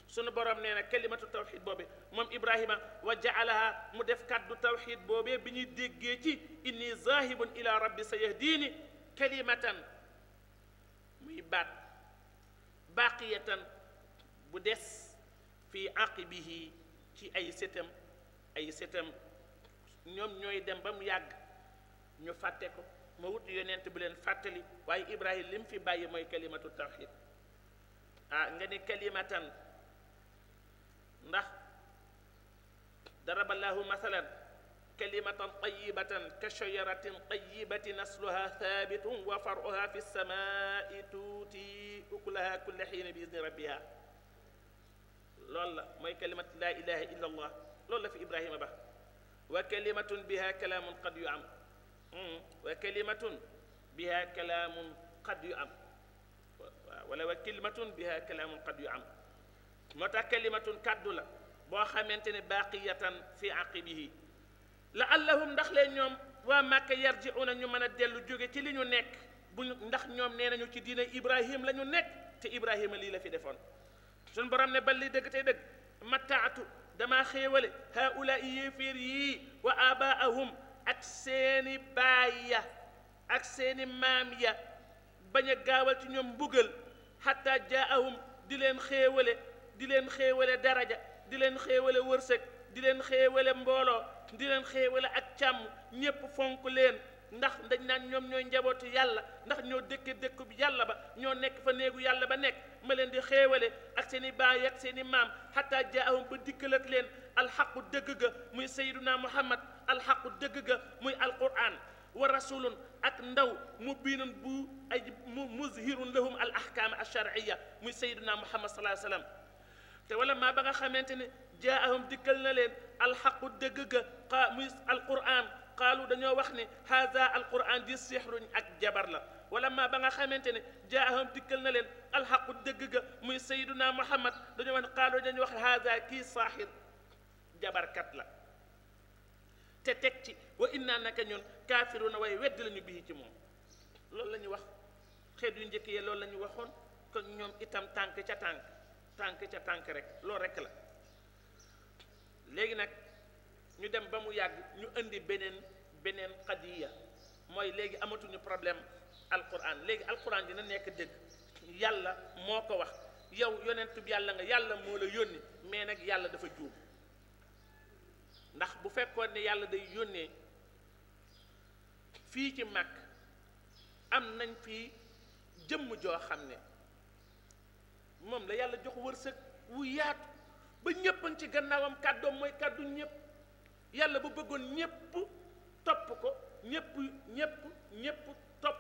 [SPEAKER 1] sunu borom nee na kalimatu tawxid boobee moom Ibrahima wa jaalaha mu def kàddu tawxid boobee bi ñuy déggee ci inni zahibun ila rabbi sa yahdiini kalimatan muy baat baqiyatan bu des fii aqibihi ci ay sëtam ay sëtam ñoom ñooy dem ba mu yàgg ñu fàtte ko ma wut yonent bu leen fàttali waaye ibrahim li mu fi bàyyi mooy kalimatu tawxid ah nga ne kalimatan ndax daraba lahu masalan kalimatan tayyibatan ka shajaratin tayyibatin asluha thabitun wa far'uha fi samaa'i tuuti ukulaha kulla xiina bi izni rabbiha loolu la mooy kalimat laa ilaha illa allah loolu la fi ibrahima ba wa kalimatun biha kalaamun qad yu am hmm, wa kalimatun biha kalaamun qad yu am wala wa kalimatun biha kalaamun qad yu am moo tax kalimatun kàddu la boo xamante ne baaqiyatan fi aqibihi la allahum ndax leen ñoom waa màkka yarjiuna ñu mën a dellu jóge ci li ñu nekk bu ndax ñoom nee nañu ci diina ibrahim la ñu nekk te ibrahima lii la fi defoon suñ borom ne bal li dëgg tey dëgg mataatu dama xéewale haulaai yéeféer yii wa abaahum ak seeni baay ya ak seeni maam ya bañ gaawal ci ñoom mbugal xatta jaahum di leen xéewale di leen xéewale daraja di leen xéewale wërsëg di leen xéewale mbooloo di leen xéewale ak càmm ñépp fonk leen ndax dañ naan ñoom ñooy njabootu yàlla ndax ñoo dëkke dëkku bu yàlla ba ñoo nekk fa néegu yàlla ba nekk ma leen di xéewale ak seen i baay ak seen i maam xataa jaahum ba dikkalat leen alxaqu dëgg ga muy sayyiduna muhammad alxaqu dëgg ga muy alquran wa rasulun ak ndaw mu biinun bu ay mu muzhirun lahum al ahkaam al sharciya muy sayyiduna muhammad salaa sallam te wala maa ba nga xamante jaahum dikkal na leen alxaqu dëgg ga xa muy alquran qaalu dañoo wax ne haza alquran di sixruñ ak jabar la wala ma ba nga xamante ne jaahum dikkal na leen alxaqu dëgg ga muy sayduna muhammad dañoo wax ne qaalu dañoo wax haza kii saaxir jabarkat la te teg ci wa innaa naka ñun kaafiruna waaye wedd lañu bii ci moom loolu la ñu wax xeet yu njëkk yee loolu la ñu waxoon kon ñoom itam tànk ca tànk tànk ca tànk rek loolu rek la léegi nag ñu dem ba mu yàgg ñu indi beneen beneen xadiya mooy léegi amatuñu problème alquran léegi alquran dina nekk dégg yàlla moo ko wax yow yonent bi yàlla nga yàlla moo la yónni mais nag yàlla dafa juum ndax bu fekkoon ne yàlla day yónnee fii ci màkk am nañ fii jëmm joo xam ne moom la yàlla jox wërsëg wu yaat ba ñëppan ci gannaawam kàddoom mooy kàddu ñëpp yàlla bu bëggoon ñëpp topp ko ñëpp ñëpp ñëpp topp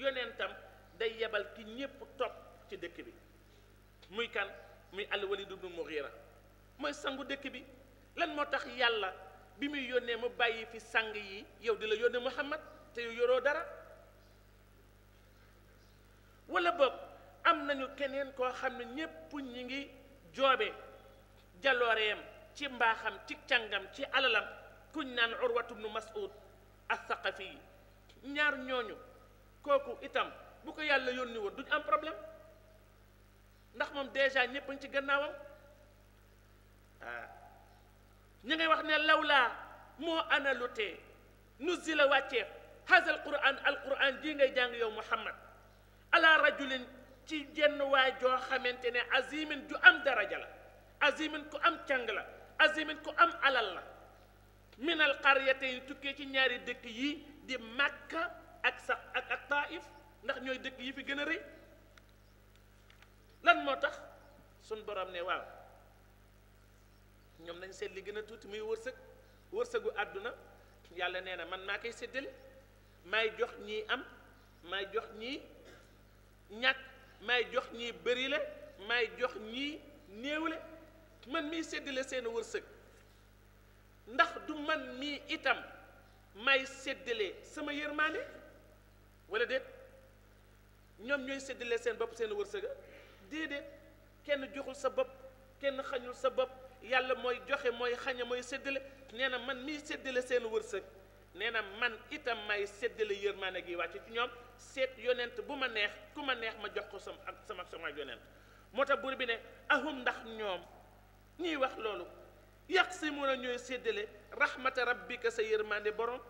[SPEAKER 1] yonentam day yebal ki ñëpp topp ci dëkk bi muy kan muy alwalid ibnu mughira mooy sangu dëkk bi lan moo tax yàlla bi muy yónnee mu bàyyi fi sang yi yow di la yónnee muhammad te yow yoroo dara wala boog am nañu keneen koo xam ne ñëpp ñi ngi joobe jalooreem ci mbaaxam ci càngam ci alalam kuñ naan urwatu bnu mas'ud as-saqafi yi ñaar ñooñu kooku itam bu ko yàlla yónni woon duñ am problème ndax moom dèjà ñëpp ñu ci gannaawam ñu ngay wax ne lawlaa moo ana nu tee nuzila wàcceef haza al quran al quran jii ngay jàng yow muhammad ala rajulin ci jenn waay joo xamante ne azimin ju am daraja la azimin ku am càng la azimin ku am alal la minal xaryate yi tukkee ci ñaari dëkk yi di màkka ak sax ak ak taif ndax ñooy dëkk yi fi gën a rëy lan moo tax suñ borom ne waaw ñoom nañ seet li gën a tuuti muy wërsëg wërsëgu àdduna yàlla nee na man maa koy séddale maay jox ñii am maay jox ñii ñàkk maay jox ñii bërile maay jox ñii néewle man mii séddale seen wërsëg ndax du man mii itam may séddale sama yërmaane wala déet ñoom ñooy séddale seen bopp seen wërsëga déedéet kenn joxul sa bopp kenn xañul sa bopp yàlla mooy joxe mooy xañe mooy séddale nee na man mii séddale seen wërsëg nee na man itam may séddale yërmaane gi wàcc ci ñoom seet yonent bu ma neex ku ma neex ma jox ko sama ak sama sama yonent moo tax buur bi ne ahum ndax ñoom ñuy wax loolu si yaqsimuna ñooy séddale rahmata rabbika sa yërmande borom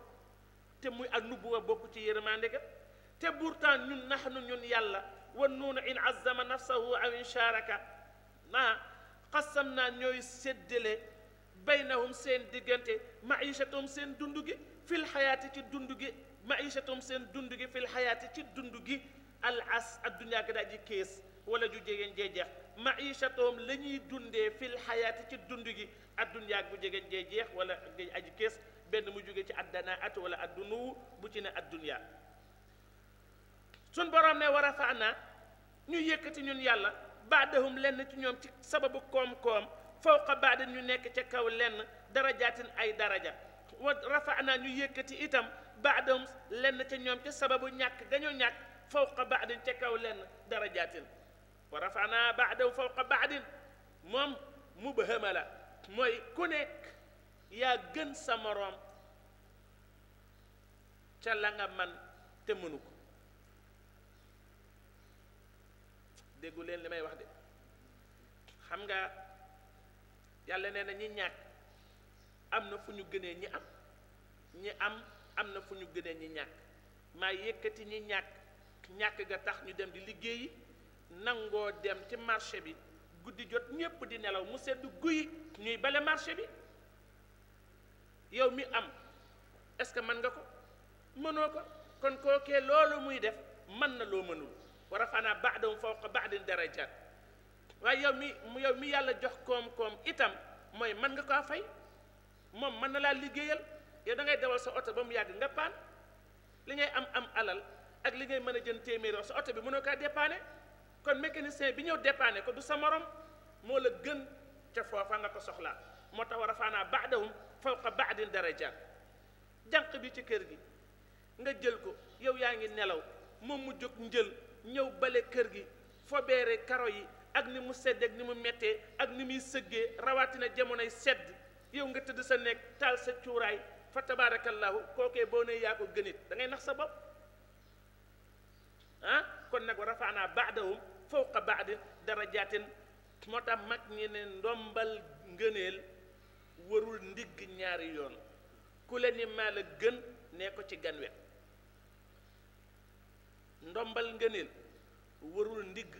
[SPEAKER 1] te muy ak nubuwa bokk ci yërmande ga te pourtant ñun nahnu ñun yàlla wan nuunu in azzama nafsahu aw in sharaka ah xasam naa ñooy séddale baynahum seen diggante maishatum seen dund gi fil xayaati ci dund gi maishatum seen dund gi fil xayaati ci dund gi al as ak dunyaa ga daal ji kees wala ju jegeen jeejeex maishatoom la ñuy dundee fil xayaat ci dund gi addun yaag bu jege ngay jeex wala ngay aji benn mu jóge ci addana at wala addunu bu ci ne addunyaa suñ borom ne war a ñu yëkkati ñun yàlla baadahum lenn ci ñoom ci sababu koom-koom fawqa baada ñu nekk ca kaw lenn darajaatin ay daraja wa rafaana ñu yëkkati itam baadahum lenn ca ñoom ca sababu ñàkk gañu ñàkk fawqa baadin ca kaw lenn darajaatin wa rafanaa baadahu fawqa baadin moom mubhama la mooy ku nekk yaa gën sa moroom ca la nga man te mënu ko déggu li may wax de xam nga yàlla nee na ñi ñàkk am na fu ñu gënee ñi am ñi am am na fu ñu gënee ñi ñàkk maa yëkkati ñi ñàkk ñàkk ga tax ñu dem di liggéeyi nangoo dem ci marché bi guddi jot ñépp di nelaw mu sedd guyi ñuy bale marché bi yow mi am est-ce que mën nga ko mënoo ko kon kookee loolu muy def mën na loo mënul wa rafanaa ba'dahum fawqa ba'din darajaat waaye yow mi yow mi yàlla jox koom-koom itam mooy mën nga koo fay moom mën na laa liggéeyal yow da ngay dawal sa oto ba mu yàgg nga paan li ngay am am alal ak li ngay mën a jën téeméer sa oto bi mënoo kaa dépanner kon mécanicien bi ñëw dépanne ko du sa morom moo la gën ca foofa nga ko soxlaa moo tax war a faanaa baadahum fawqa baadin darajaat bi ci kër gi nga jël ko yow yaa ngi nelaw moom mu jóg njël ñëw bale kër gi fobeere karo yi ak ni mu sedd ak ni mu mettee ak ni muy sëggee rawatina jamonoy sedd yow nga tëdd sa nekk taal sa cuuraay fa tabaarakallaahu kookee boo ne yaa ko gënit da nax sa bopp ah kon nag wa rafaanaa baadahum fawqa baadi darajaatin moo tax mag ñi ne ndombal ngëneel warul ndigg ñaari yoon ku la ni maa la gën nee ko ci ganwet ndombal ngëneel warul ndigg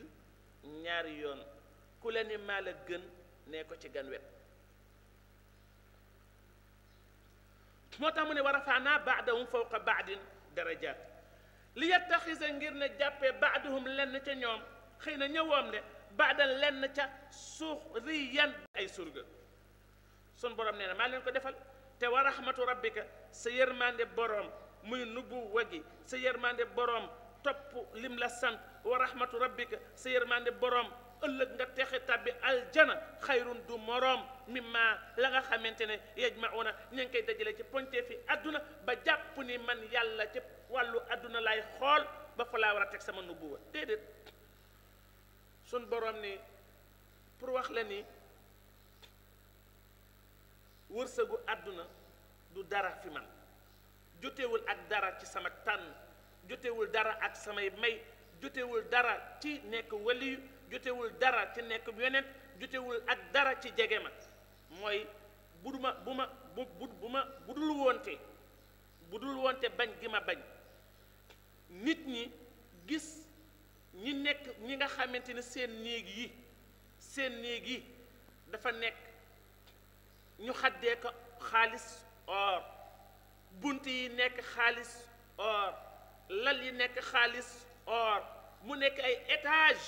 [SPEAKER 1] ñaari yoon ku la ni maa la gën nee ko ci ganwet moo tax mu ne war a faanaa baadahum fawqa baadin darajaat li yattaxisa ngir ne jàppee baaduhum lenn ci ñoom xëy na ñëwoom de baadal lenn ca yan ay surga sun borom nee na maa leen ko defal te wa rahmatu rabbika sa yërmande boroom muy nubbu wagi sa yërmande borom topp lim la sant wa rahmatu rabbika sa yërmande borom ëllëg nga texe tabbi aljana xayrun du moroom mimma la nga xamante ne yajmauna ña ngi koy dajale ci poñte fi àdduna ba jàpp ni man yàlla ci wàllu àdduna lay xool ba fa war a teg sama nubbuwa déedéet suñ borom ni pour wax la ni wërsëgu àdduna du dara fi man jotewul ak dara ci sama tànn jotewul dara ak samay may jotewul dara ci nekk waliyu jotewul dara ci nekk yonent jotewul ak dara ci jege ma mooy bu ma bu ma bu bu ma bu dul wonte bu dul wonte bañ gi ma bañ nit ñi gis ñi nekk ñi nga xamante ne seen néeg yi seen néeg yi dafa nekk ñu xaddee ko xaalis or bunt yi nekk xaalis or lal yi nekk xaalis or mu nekk ay étage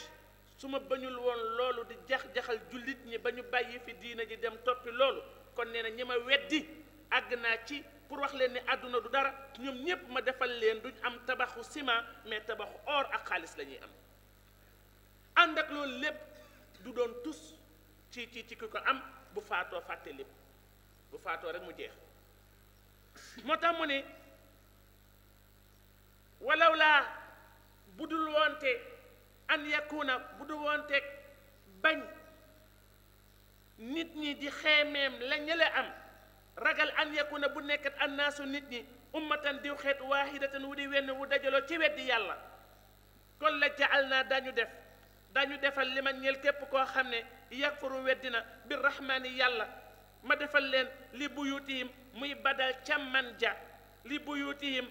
[SPEAKER 1] su ma bañul woon loolu di jax-jaxal jullit ñi ba ñu bàyyi fi diina ji dem toppi loolu kon nee na ñi ma weddi àgg naa ci pour wax leen ne àdduna du dara ñoom ñépp ma defal leen duñ am tabaxu ciment mais tabaxu or ak xaalis la am ànd ak loolu lépp du doon tus ci ci ci ko am bu faatoo fàtte lépp bu faatoo rek mu jeex moo tax mu ne walaw laa bu dul woonte an yakuna bu dul woonte bañ nit ñi di xeemeem la ñële am ragal an na bu nekkat annaasu nit ñi ummatan diw xeet waahidatan wu di wenn wu dajaloo ci weddi yàlla kon la jaal naa dañu def dañu defal li ma ñeel képp koo xam ne yakfuru weddina bi rahmaani yàlla ma defal leen li buyutihim muy badal ca man ja li buyutihim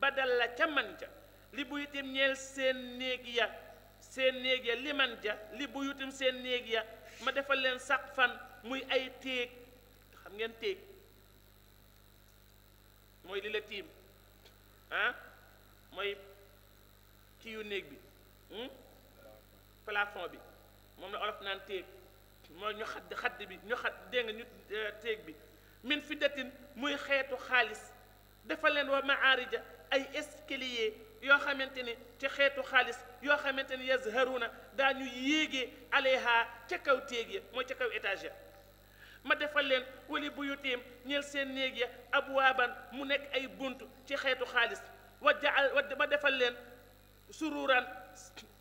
[SPEAKER 1] badal la ca man ja li buyutihim ñeel seen néeg ya seen néeg ya li man ja li buyutihim seen néeg ya ma defal leen saqfan muy ay téeg xam ngeen téeg mooy li la tiim ah mooy ci néeg bi hmm? plafond bi moom la olof naan téeg mooy ñu xadd xadd bi ñu xadd dégg nga ñu euh, téeg bi min fiddatin muy xeetu xaalis dafa leen wa maarija ay escalier yoo xamante ni ci xeetu xaalis yoo xamante ni yazharuna daañu yéege aleyha ca kaw téeg ya mooy ca kaw étage ya ma defal leen wali buyutim ñeel seen néeg ya abwaaban mu nekk ay bunt ci xeetu xaalis wa jaal ma defal leen sururan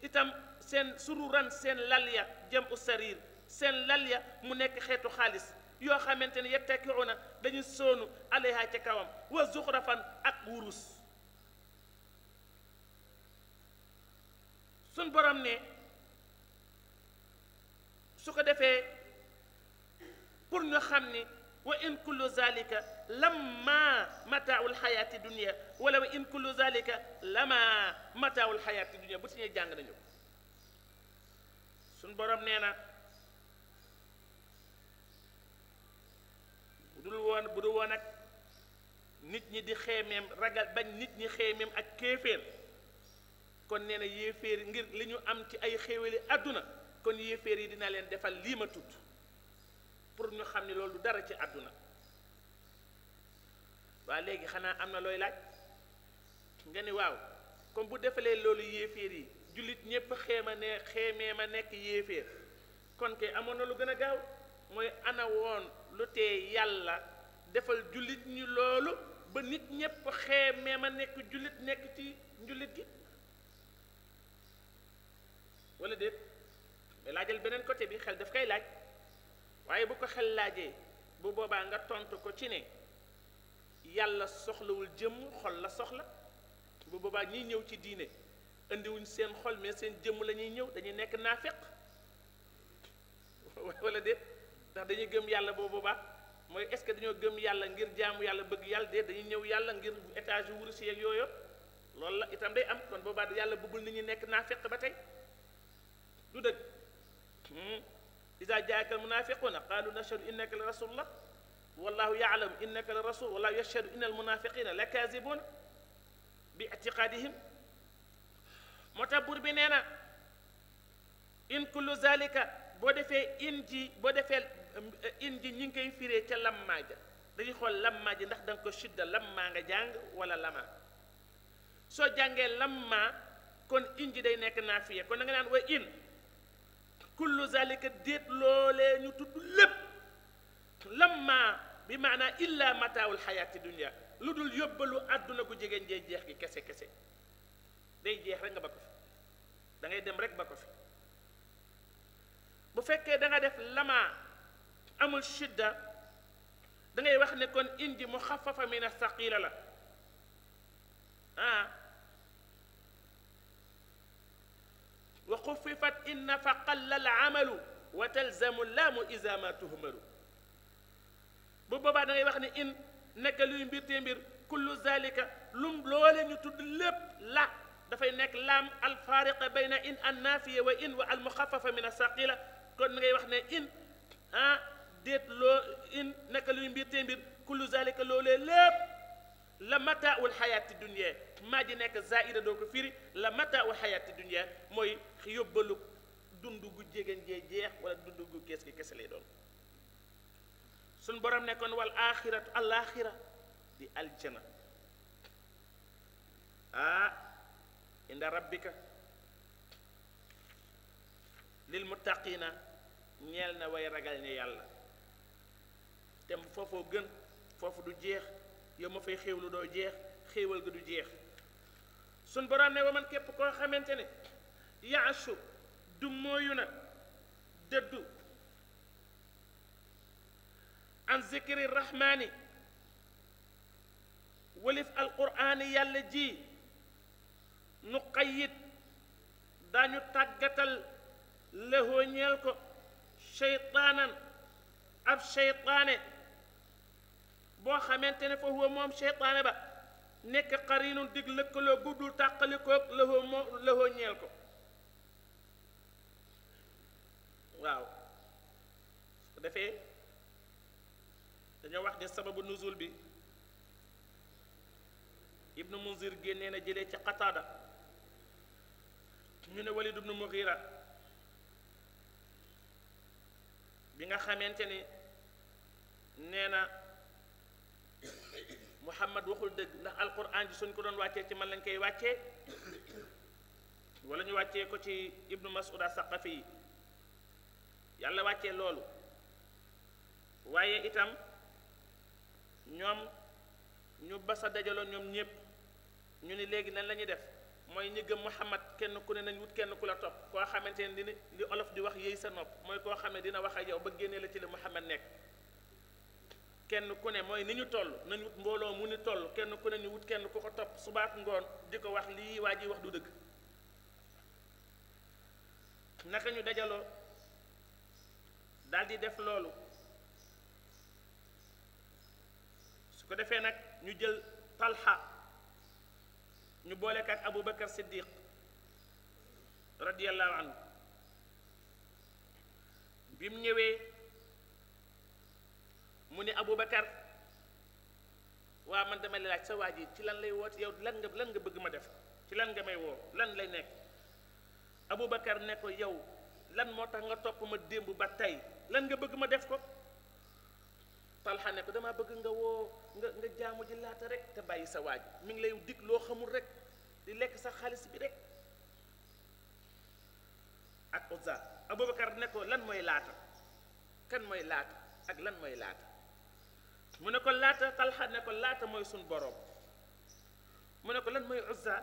[SPEAKER 1] itam seen sururan seen lal ya jëm u sariir seen lal ya mu nekk xeetu xaalis yoo xamante ne na dañu soonu alayha ci kawam wa zuxrafan ak wurus sun borom ne su ko defee pour ñu xam ni wa in kullu zalika lamma mataawul xayaati dunia wala wa in kullu zalika lama mataawul xayaati dunia bu si ñuy jàng nañu suñ borom nee na bu dul woon bu dul woon ak nit ñi di xeemeem ragal bañ nit ñi xeemeem ak kéeféer kon nee na yéeféer ngir li ñu am ci ay xéewali àdduna kon yéeféer yi dina leen defal lii ma tudd pour ñu xam ne loolu dara ci àdduna waa léegi xanaa am na looy laaj nga ni waaw comme bu defalee loolu yéeféer yi jullit ñépp ma ne xeemee ma nekk yéeféer kon kay amoon na lu gën a gaaw mooy ana woon lu tee yàlla defal jullit ñi loolu ba nit ñépp xeemee ma nekk jullit nekk ci njullit gi wala déet mais laajal beneen côté bi xel daf koy laaj waaye bu ko xel laajee bu boobaa nga tontu ko ci ne yàlla soxlawul jëmm xol la soxla bu boobaa ñiy ñëw ci diine indiwuñ seen xol mais seen jëmm la ñuy ñëw dañuy nekk naafeq wala déet ndax dañuy gëm yàlla boo boobaa mooy est-ce que dañoo gëm yàlla ngir jaamu yàlla bëgg yàlla déet dañuy ñëw yàlla ngir étage yu wurus yooyu loolu la itam day am kon boobaa yàlla bëggul nit ñi nekk naafeq ba tey du dëgg. Hmm. iza jaaka almunafiquna qalu nashhadu innaka la rasulullah wallahu yaalamu innaka la rasul wallahu yashhadu inna almunafiqina la kaazibuna bi itiqaadihim moo tax buur bi nee na in kullu boo defee in ji boo defee eh, in ji ñi ngi koy firee ca lammaa ja dañuy xool lammaa ji ndax da nga ko shidda lammaa nga jàng wala lama soo jàngee lammaa kon in ji day nekk naafiya kon da nga naan wa in kullu zalika déet loole ñu tudd lépp lamma bi maanaa illa mataawul xayaati dunia lu dul yóbbalu àdduna bu jege njee jeex gi kese kese day jeex rek nga ba ko fi da dem rek ba ko fi bu fekkee danga def lama amul shidda dangay wax ne kon indi mu xafafa min a saqila la ah wa xufifat inna fa qalla al amalu wa talzamu laamu isa ma tuhmalu bu boobaa da ngay wax ni in nekk luy mbir te mbir kullu zalika lum loole ñu tudd lépp la dafay nekk laam alfaariqa bayna in an naafiya wa in wa almuxafafa min asaqila kon ngay wax ne in ah déet loo in nekk luy mbir te mbir kullu zalika loolee lépp la mataaul xayaati dunya maa ji nekk zaida doo ko firi la mataaul xayaati dunya mooy yóbbalu dund gu jégéen gee jeex wala dund gu gees gi kese lay doon suñ borom nekkoon wal axiratu alaxira di aljana ah inda rabbika lil muttaqina ñeel na way ragal ne yàlla te foofoo gën foofu du jeex yow ma fay xéewlu doo jeex xéewal ga du jeex sun borom ne wa man képp koo xamante ne yaasu du mooyu na dëddu an zikri rahmaani walif alquraani yàlla ji nu qayyit dañu tàggatal lehoo ñeel ko seytaanan ab seytaane boo xamante ne fa huwa moom seytaane ba nekk xariinu dig lëkkaloo guddul tàqalikoog lahoo moo lahoo ñeel ko waaw su defee dañoo wax ne sababu nuzul bi ibnu munzir génnee na jëlee ci xataada ñu ne walid ibnu mughira bi nga xamante ni nee na muhammad waxul dëgg ndax alquran ji suñ ko doon wàccee ci man lañ koy wàccee wala ñu wàccee ko ci ibnu mas'ud as-saqafi yi yàlla wàccee loolu waaye itam ñoom ñu basa dajaloo ñoom ñépp ñu ni léegi nan la ñuy def mooy ñi gëm muhammad kenn ku ne nañ wut kenn ku la topp koo xamante ne li olof di wax yéy sa nopp mooy koo xam ne dina wax ak yow ba génnee la ci li muhammad nekk kenn ku ne mooy ni ñu toll nañu mbooloo mu ni toll kenn ku ne ñu wut kenn ku ko topp subaak ngoon di ko wax lii waa ji wax du dëgg naka ñu dajaloo daldi def loolu su ko defee nag ñu jël talxa ñu boole abu bakar siddiq radiyallahu anhu bi mu ñëwee mu ne Aboubacar waa man dama laaj sa waa ji ci lan lay woote yow lan nga lan nga bëgg ma def ci lan nga may woo lan lay nekk Aboubacar ne ko yow lan moo tax nga topp ma démb ba tey lan nga bëgg ma def ko Talha ne ko damaa bëgg nga woo nga nga jaamu ji laata rek te bàyyi sa waaj ji ngi lay dig loo xamul rek di lekk sa xaalis bi rek ak Uzza Aboubacar ne lan mooy laata kan mooy laata ak lan mooy laata. mu ne ko laata talxa ne ko laata mooy suñ boroom mu ne ko lan mooy uzza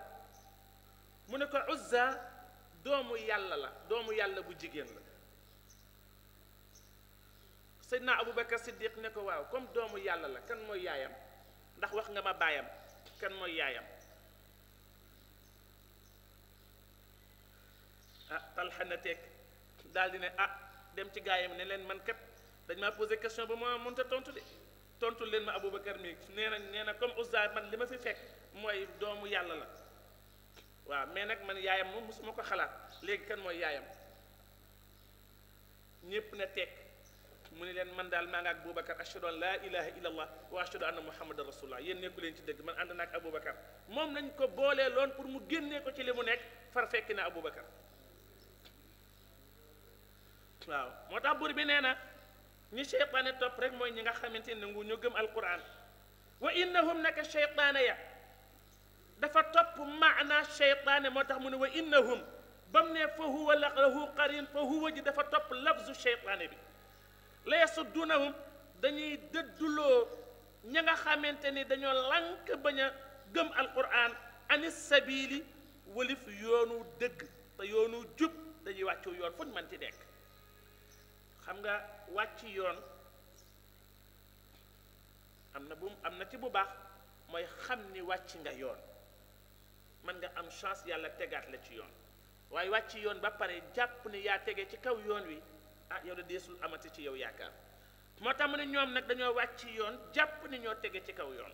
[SPEAKER 1] mu ne ko uzza doomu yàlla la doomu yàlla bu jigéen la abu aboubacar siddiq ne ko waaw comme doomu yàlla la kan mooy yaayam ndax wax nga ma baayam kan mooy yaayam ah talxa na teeg daal di ne ah dem ci gaayam ne leen man kat dañ maa posé question ba ma mënta tontu de tontu leen ma Aboubacar mi nee na nee na comme Oustaz man li ma fi fekk mooy doomu yàlla la waaw mais nag man yaayam moom ma ko xalaat léegi kan mooy yaayam ñépp na teg mu ne leen man daal maa nga ak Boubacar ashhadu an laa ilaha illa allah wa ashhadu anna muhammadan rasulullah yéen nekku leen ci dëgg man ànd naa ak Aboubacar moom nañ ko boolee lool pour mu génnee ko ci li mu nekk far fekk na Aboubacar waaw moo tax buur bi nee na ñi seytaane topp rek mooy ñi nga xamante ne nangu ñoo gëm alquran wa innahum naka seytaane ya dafa topp maana seytaane moo tax mu ne wa innahum ba mu ne fa huwa lahu qarin fa huwa ji dafa topp lafzu seytaane bi la yasuddunahum dañuy dëdduloo ña nga xamante ni dañoo lànk bañ a gëm alquran anis sabili walif yoonu dëgg te yoonu jub dañuy wàccu yoon fu ñu mën ti nekk am nga wàcc yoon am na bu am na ci bu baax mooy xam ni wàcc nga yoon mën nga am chance yàlla tegaat la ci yoon waaye wàcc yoon ba pare jàpp ni yaa tege ci kaw yoon wi ah yow da deesul amati ci yow yaakaar moo tax mu ne ñoom nag dañoo wàcc yoon jàpp ni ñoo tege ci kaw yoon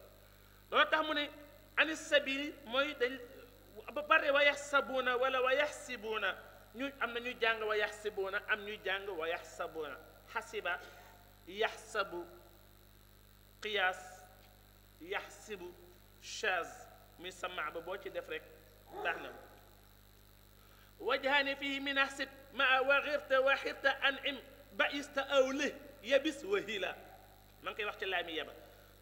[SPEAKER 1] loo tax mu ne anis sabil mooy dañ ba pare wa yaxsabuuna wala wa yaxsibuuna ñu am na ñuy jàng wa yaxsibuuna am ñuy jàng wa yaxsabuuna xasiba yaxsabu qiyaas yaxsibu shaaz muy samaa ba boo ci def rek baax na wajhaani fii min axsib ma wa xirta an im ba ista awli yabis wa hila ma ngi koy wax ci laay mi yeba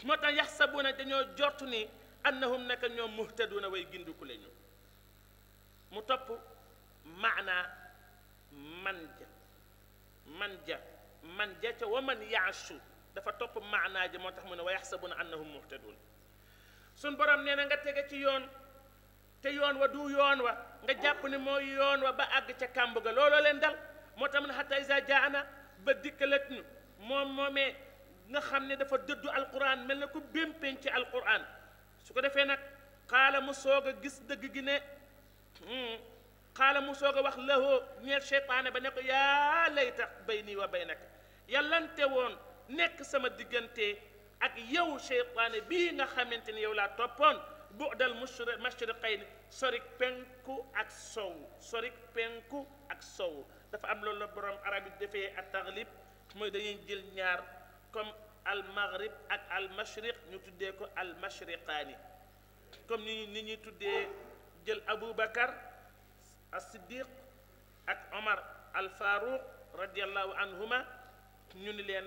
[SPEAKER 1] moo tax yaxsabuuna dañoo jort ni annahum naka ñoom muhtaduna way ginduku la mu topp maanaa man ja man ja man ja ca wa man yaasu dafa topp maanaa ja moo tax mu ne wa na annahum muhtadun suñ borom nee na nga tege ci yoon te yoon wa du yoon wa nga jàpp ni moo yoon wa ba àgg ca kàmb ga looloo leen dal moo tax mu ne xataa isa jaana ba dikkalat ñu moom moomee nga xam ne dafa dëddu alquran mel na ku bémpéen ci alxuraan su ko defee nag xaala mu soog a gis dëgg gi ne hmm, xaala mu soog a wax lahoo ñeel seytaane ba ne ko yaa tax bay nii wa bay nag yàllante woon nekk sama diggante ak yow seytaane bii nga xamante ni yow laa toppoon bu dal mushri mashriqayn sorik penku ak sow sorik penku ak sow dafa am loolu la borom arab yi defee ak taglib mooy dañuy jël ñaar comme al ak al ñu tuddee ko al comme ni ni ñuy tuddee jël aboubacar as-siddiq ak omar al faruq radiallahu anhuma ñu ni leen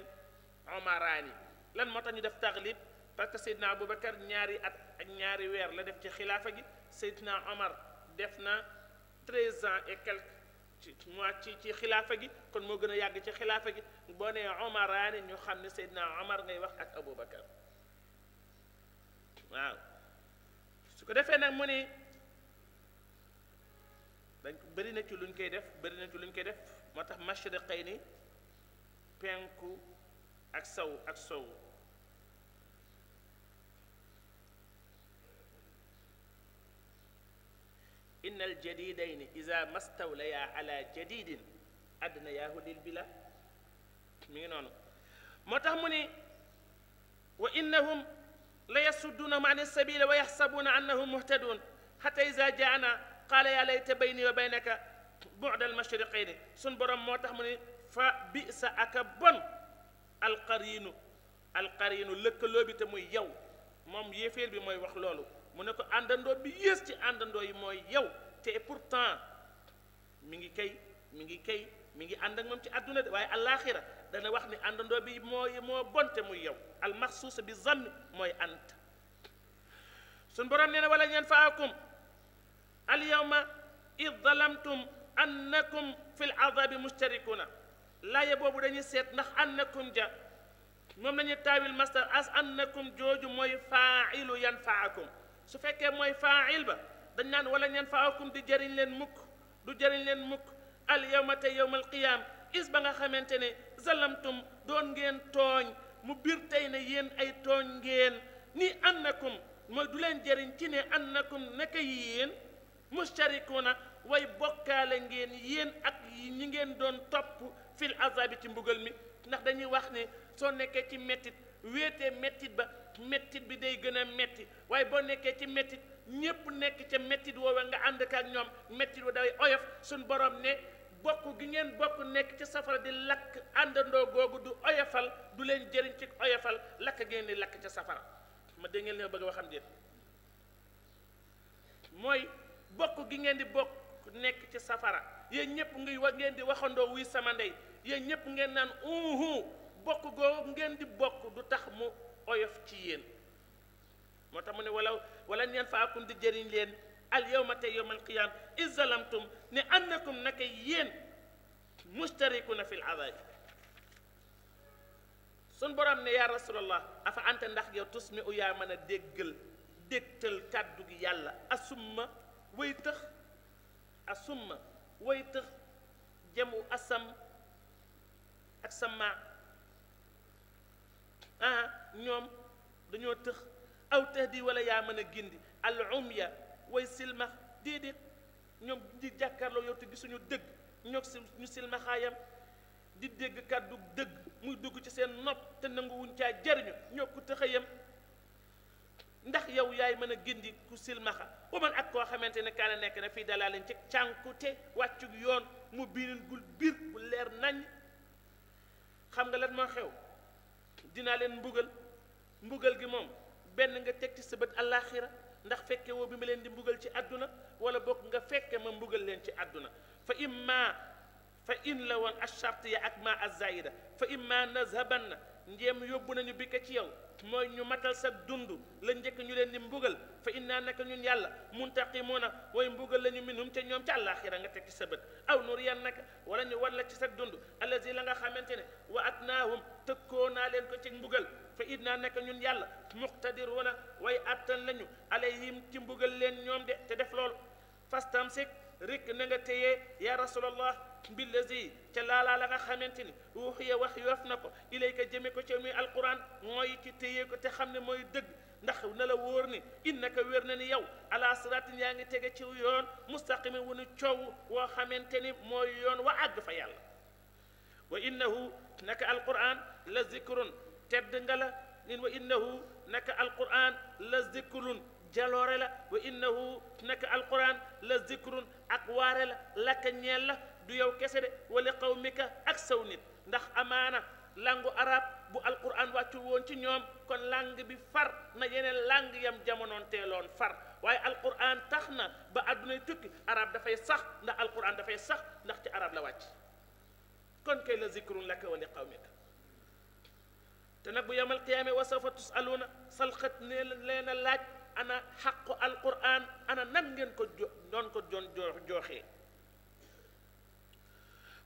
[SPEAKER 1] omaraani lan moo tax ñu def taxlib parce que seydina aboubacar ñaari at ak ñaari weer la def ci xilaafa gi seydina omar def na treize ans et quelques ci mois ci ci xilaafa gi kon moo gën a yàgg ci xilaafa gi boo nee omaraani ñu xam ne seyd seydina omar ngay wax ak aboubacar waaw su ko defee nag mu ni dañ ko bëri na ci luñ koy def bëri na ci luñ koy def moo tax mashriqayni penku ak saw ak sow inna al jadidayni iza mastawlaya ala jadidin addina yahudil bila mi ngi noonu moo tax mu ni wa innahum la yasuddunahum an sabila wa yaxsabuuna annahum muhtadun xata iza jaana qaala yaa layta bayni wa baynaka bu'da al-mashriqayni suñ borom moo tax mu ne fa bi sa aka bon alqariinu alqariinu lëkkaloo bi te muy yow moom yéeféer bi mooy wax loolu mu ne ko àndandoo bi yées ci àndandoo yi mooy yow te pourtant mu ngi kay mu ngi kay mi ngi ànd ak moom ci àdduna de waaye alaaxira dana wax ni àndandoo bi mooy moo bonte muy yow almaxsuusa bi zann mooy ant suñ borom nee na wala ñeen faakum alyawma id zalamtum annakum fi ladabi mustarikuna laaye boobu dañuy seet ndax annakum ja moom lañuy taawil masdar as annakum jooju mooy faailu yanfaakum su fekkee mooy faail ba dañ naan wala yanfaakum di jëriñ leen mukk du jëriñ leen mukk alyawma te yawma alqiyaam is ba nga xamante ne zalamtum doon ngeen tooñ mu biir tey ne yéen ay tooñ ngeen ni annakum mooy du leen jëriñ ci ne annakum naka yéen mustarikuuna way bokkaale ngeen yéen ak ñi ngeen doon topp fil azabi ci mbugal mi ndax dañuy wax ne soo nekkee ci mettit wéetee mettit ba mettit bi day gëna a metti waaye boo nekkee ci mettit ñépp nekk ca mettit woowa nga ànd ak ñoom mettit wa day oyof suñ borom ne bokk gi ngeen bokk nekk ca safara di lakk àndandoo googu du oyofal du leen jëriñ ci oyofal lakk ngeen di lakk ca safara ma dégg mooy bokk gi ngeen di bokk nekk ci safara yéen ñëpp ngi wax ngeen di waxandoo wuy sama ndey yéen ñëpp ngeen naan uhu bokk googu ngeen di bokk du tax mu oyof ci yéen moo tax mu ne wala wala ñeen faakum di jëriñ leen al yawma tey yawmal qiyaam iz zalamtum ne annakum naka yéen mustarikuna fil adaabi sun borom ne yaa rasulallah afa anta ndax yow tusmi u yaa mën a déggal dégtal kàddu gi yàlla asumma way tëx a summa way tëx jamu asam ak sama ah ñoom dañoo tëx aw tëx di wala yaa mën a gindi al umya way silmax déedéet ñoom di jàkkaarloo yow te gisuñu dëgg ñoo si ñu silmaxaayam di dégg kàddu dëgg muy dugg ci seen nopp te nanguwuñ caa jariñu ñoo ko tëxayam yaay mën a gindi ku silmaxa wa man ak koo xamante ne kaana nekk na fii dalaa leen ci te wàccu yoon mu biinin gul biir bu leer nañ xam nga lan ma xew dinaa leen mbugal mbugal gi moom benn nga teg ci sa bët allaaxira ndax fekke woo bi ma leen di mbugal ci àdduna wala bokk nga fekke ma mbugal leen ci àdduna fa imma fa in la woon acharte ya ak ma fa imma nazhabanna ndéem yóbbu nañu bi ci yow mooy ñu matal sa dund la njëkk ñu leen di mbugal fa innaa naka ñun yàlla muntaqimuuna way mbugal la ñu minhum te ñoom ca àllaaxira nga teg ci sa bët aw nuriyan naka wala ñu war la ci sa dund allazi la nga xamante ne wa atnaahum tëkkoo naa leen ko ci mbugal fa innaa naka ñun yàlla muqtadiruuna way attan lañu alayhim ci mbugal leen ñoom de te def loolu fastamsik rek na nga téyee yaa rasulallah billazi ca laalaa la nga xamante ni wuxiya wax yof na ko ilayka jëme ko ca muy alquran mooy ci téye ko te xam ne mooy dëgg ndax na la wóor ni innaka wér na ni yow ala siraatin yaa ngi tege ci yoon mustaqimi wu nu coow woo xamante ni mooy yoon wa àgg fa yàlla wa innahu naka alquran la zikrun tedd nga la nin naka alquran la la wa ak waare la laka ñeel la du yow kese de wala qawmika ak saw nit ndax amaana làngu arab bu alquran wàccu woon ci ñoom kon langue bi far na yeneen làng yam jamonoon teeloon far waaye alquran tax na ba àdduna tukki arab dafay sax ndax alquran dafay sax ndax ci arab la wàcc kon kay la zikrun laka wa li te nag bu yamal qiyaame wa sawfa tusaluuna salxat ne leen laaj ana xaqu alquran ana nan ngeen ko jo doon ko joon jooxee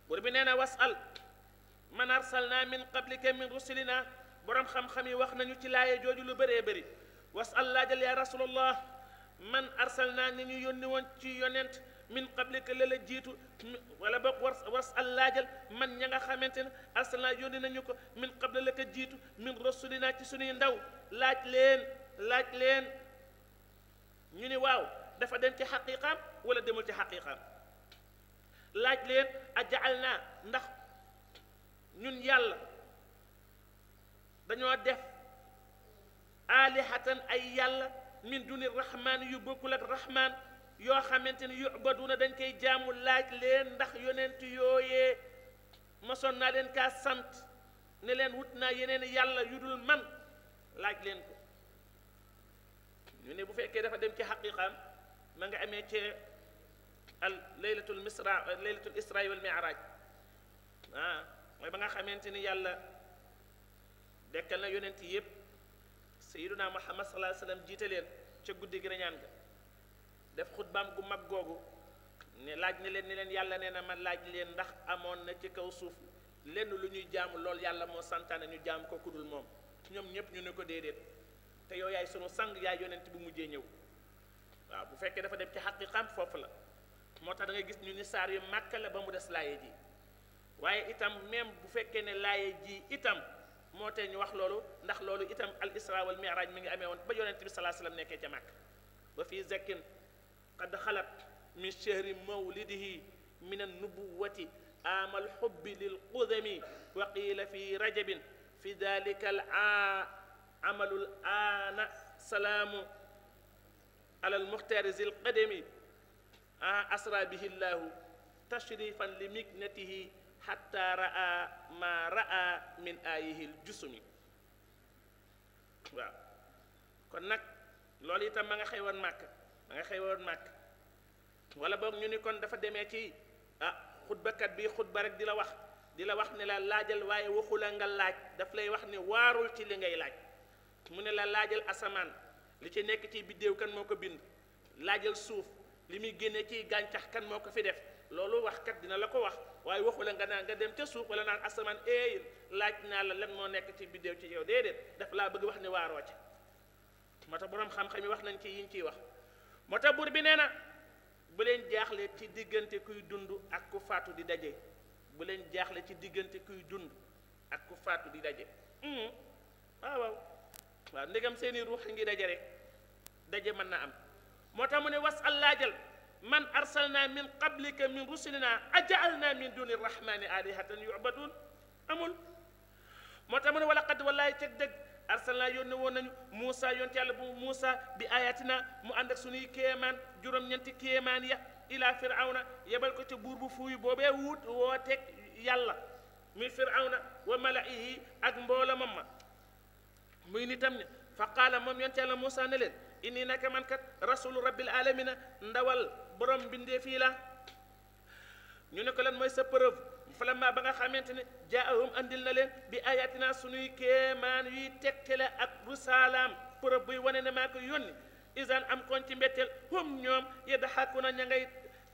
[SPEAKER 1] buur bi nee na wasal man arsalna min qablika min rusulina boroom xam-xam yi wax nañu ci laaye jooju lu bëree bari wasal laajal yaa rasulallah man arsalna ni ñu yónni woon ci yonent min qablika la la jiitu wala boog war wasal laajal man ña nga xamante ne arsalna yónni nañu ko min qabla la ko jiitu min rusulina ci suñuy ndaw laaj leen laaj leen ñu ni waaw dafa dem ci xaqiqaam wala demul ci xaqiqaam laaj leen ajaal naa ndax ñun yàlla dañoo def aalihatan ay yàlla min duni rahmaan yu bokkul ak rahmaan yoo xamante ni na dañ koy jaamu laaj leen ndax yonent yooyee mosoon naa leen kaa sant ne leen wut naa yeneen yàlla yu dul man laaj leen ko ñu ne bu fekkee dafa dem ci xaqiqaam ma nga amee ci al laylatul misra laylatul isra wal mi'raj ah mooy ba nga xamante ni yàlla dekkal na yonent yépp sayyiduna muhammad sallallahu alayhi wasallam jiite leen ca guddi gi rañaan ga def xutbaam gu mag googu ne laaj ne leen ne leen yàlla nee na ma laaj leen ndax amoon na ci kaw suuf lenn lu ñuy jaamu lool yàlla moo santaane ñu jaam ko kudul moom ñoom ñépp ñu ne ko déedéet te yow yaay sunu sang yaay yonent bu mujjee ñëw waaw bu fekkee dafa dem ci xaqiqam foofu la moo tax da gis ñu ni saar yu màkk la ba mu des laay ji waaye itam même bu fekkee ne laay ji itam moo tee ñu wax loolu ndax loolu itam al isra wal miraaj mi ngi amee woon ba yonent bi salaa sallam ca màkk ba fii zakkin qad xalat min chehri mawlidihi min an nubuwati amal xubbi lil qudami wa qiila fi rajabin fi dalika al amalul aana salaamu ala al muxtaari zil qadami asra bihi llaahu tashrifan li miknatihi xatta raa ma raa min aayihi ljusumi waaw kon nag loolu itam ma nga xewoon màkk ma nga xewoon màkk wala boog ñu ni kon dafa deme ci ah xutbakat bi xutba rek di la wax di la wax ne la laajal waaye waxu nga laaj daf lay wax ne waarul ci li ngay laaj mu ne la laajal asamaan li ci nekk ci biddéew kan moo ko bind laajal suuf li muy génnee ci gàncax kan moo ko fi def loolu wax kat dina la ko wax waaye waxu la nga naan nga dem ca suuf wala naan asamaan eey laaj naa la lan moo nekk ci biddéew ci yow déedéet dafa laa bëgg wax ne waaroo ca moto tax borom xam-xam yi wax nañ ci yi ñu ciy wax moo tax buur bi nee na bu leen jaaxle ci diggante kuy dund ak ku faatu di daje bu leen jaaxle ci diggante kuy dund ak ku faatu di daje hmm, waaw waaw ndegam seeni ruux ngi daje daje mën na am moo tax mu ne wasal laajal man arsalna min qablika min rusulina ajaalna min duni rahmani alihatan yubadun amul moo tax mu ne wala qad wallaay teg dëgg arsalna yónni bi ayatina mu ànd ak suñuy kéemaan juróom-ñeenti kéemaan ya ila firawna yebal ko ca buur bu boo boobee wut woo teg yàlla muy firawna wa malaihi ak mboola mam ma muy nitam ne fa qaala moom yonte yàlla Moussa ne leen inni naka man kat rasulu rabbil na ndawal borom bindee fii la ñu ne ko lan mooy sa preuve falamma ba nga xamante ne jaahum andil na leen bi ayatina suñuy kéemaan yuy tegtale ak rusalaam preuve buy wone ne maa ko yónni isaan am kon ci mbetteel hum ñoom yadhakuna ña ngay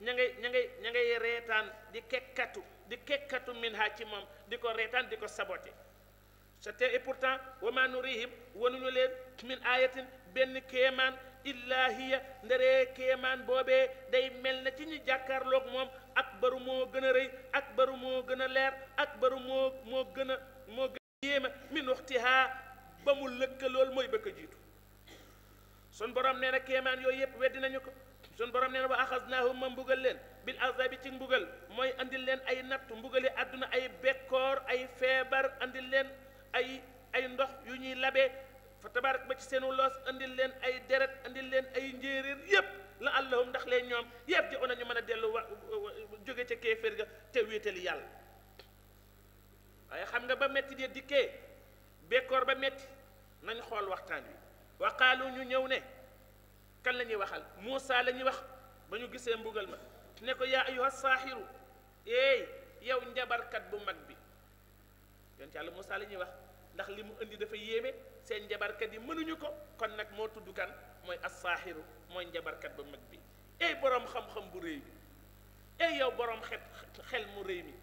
[SPEAKER 1] ña ngay ña ngay ña ngay reetaan di kekkatu di kekkatu min ha ci moom di ko reetaan di ko saboté c'était et pourtant wa ma nurihim wanuñu leen min ayatin benn kéemaan illaa hiya ndaree kéemaan boobee day mel na ci ñuy jàkkaarloog moom akbaru moo gën a rëy akbaru moo gën a leer akbaru moo moo gën a moo gën a yéema min waxtihaa ba mu lëkk lool mooy bëkk a jiitu sun borom nee na kéemaan yooyu yëpp weddi nañu ko sun borom nee na wa axasnaahum ma mbugal leen bil azabi ci mbugal mooy andil leen ay natt mbugale àdduna ay bekkoor ay feebar andil leen ay ay ndox yu ñuy labe fa tabarak ba ci seenu loos andil leen ay deret andil leen ay njéeréer yépp la allahum ndax leen ñoom yépp di ona ñu mën a dellu wa jóge ca kéeféer ga te wéetali yàlla waaye xam nga ba metti de dikkee bekkoor ba metti nañ xool waxtaan wi waqaalu ñu ñëw ne kan la ñuy waxal Muusa la ñuy wax ba ñu gisee mbugal ma ne ko yaa ayuha saaxiru eey yow njabarkat bu mag bi yonent yàlla Muusa la ñuy wax ndax li mu indi dafa yéeme seen jabarkat yi mënuñu ko kon nag moo tudd kan mooy assaaxiru mooy njabarkat ba mag bi ey boroom xam-xam bu réy yow boroom xet xel mu mi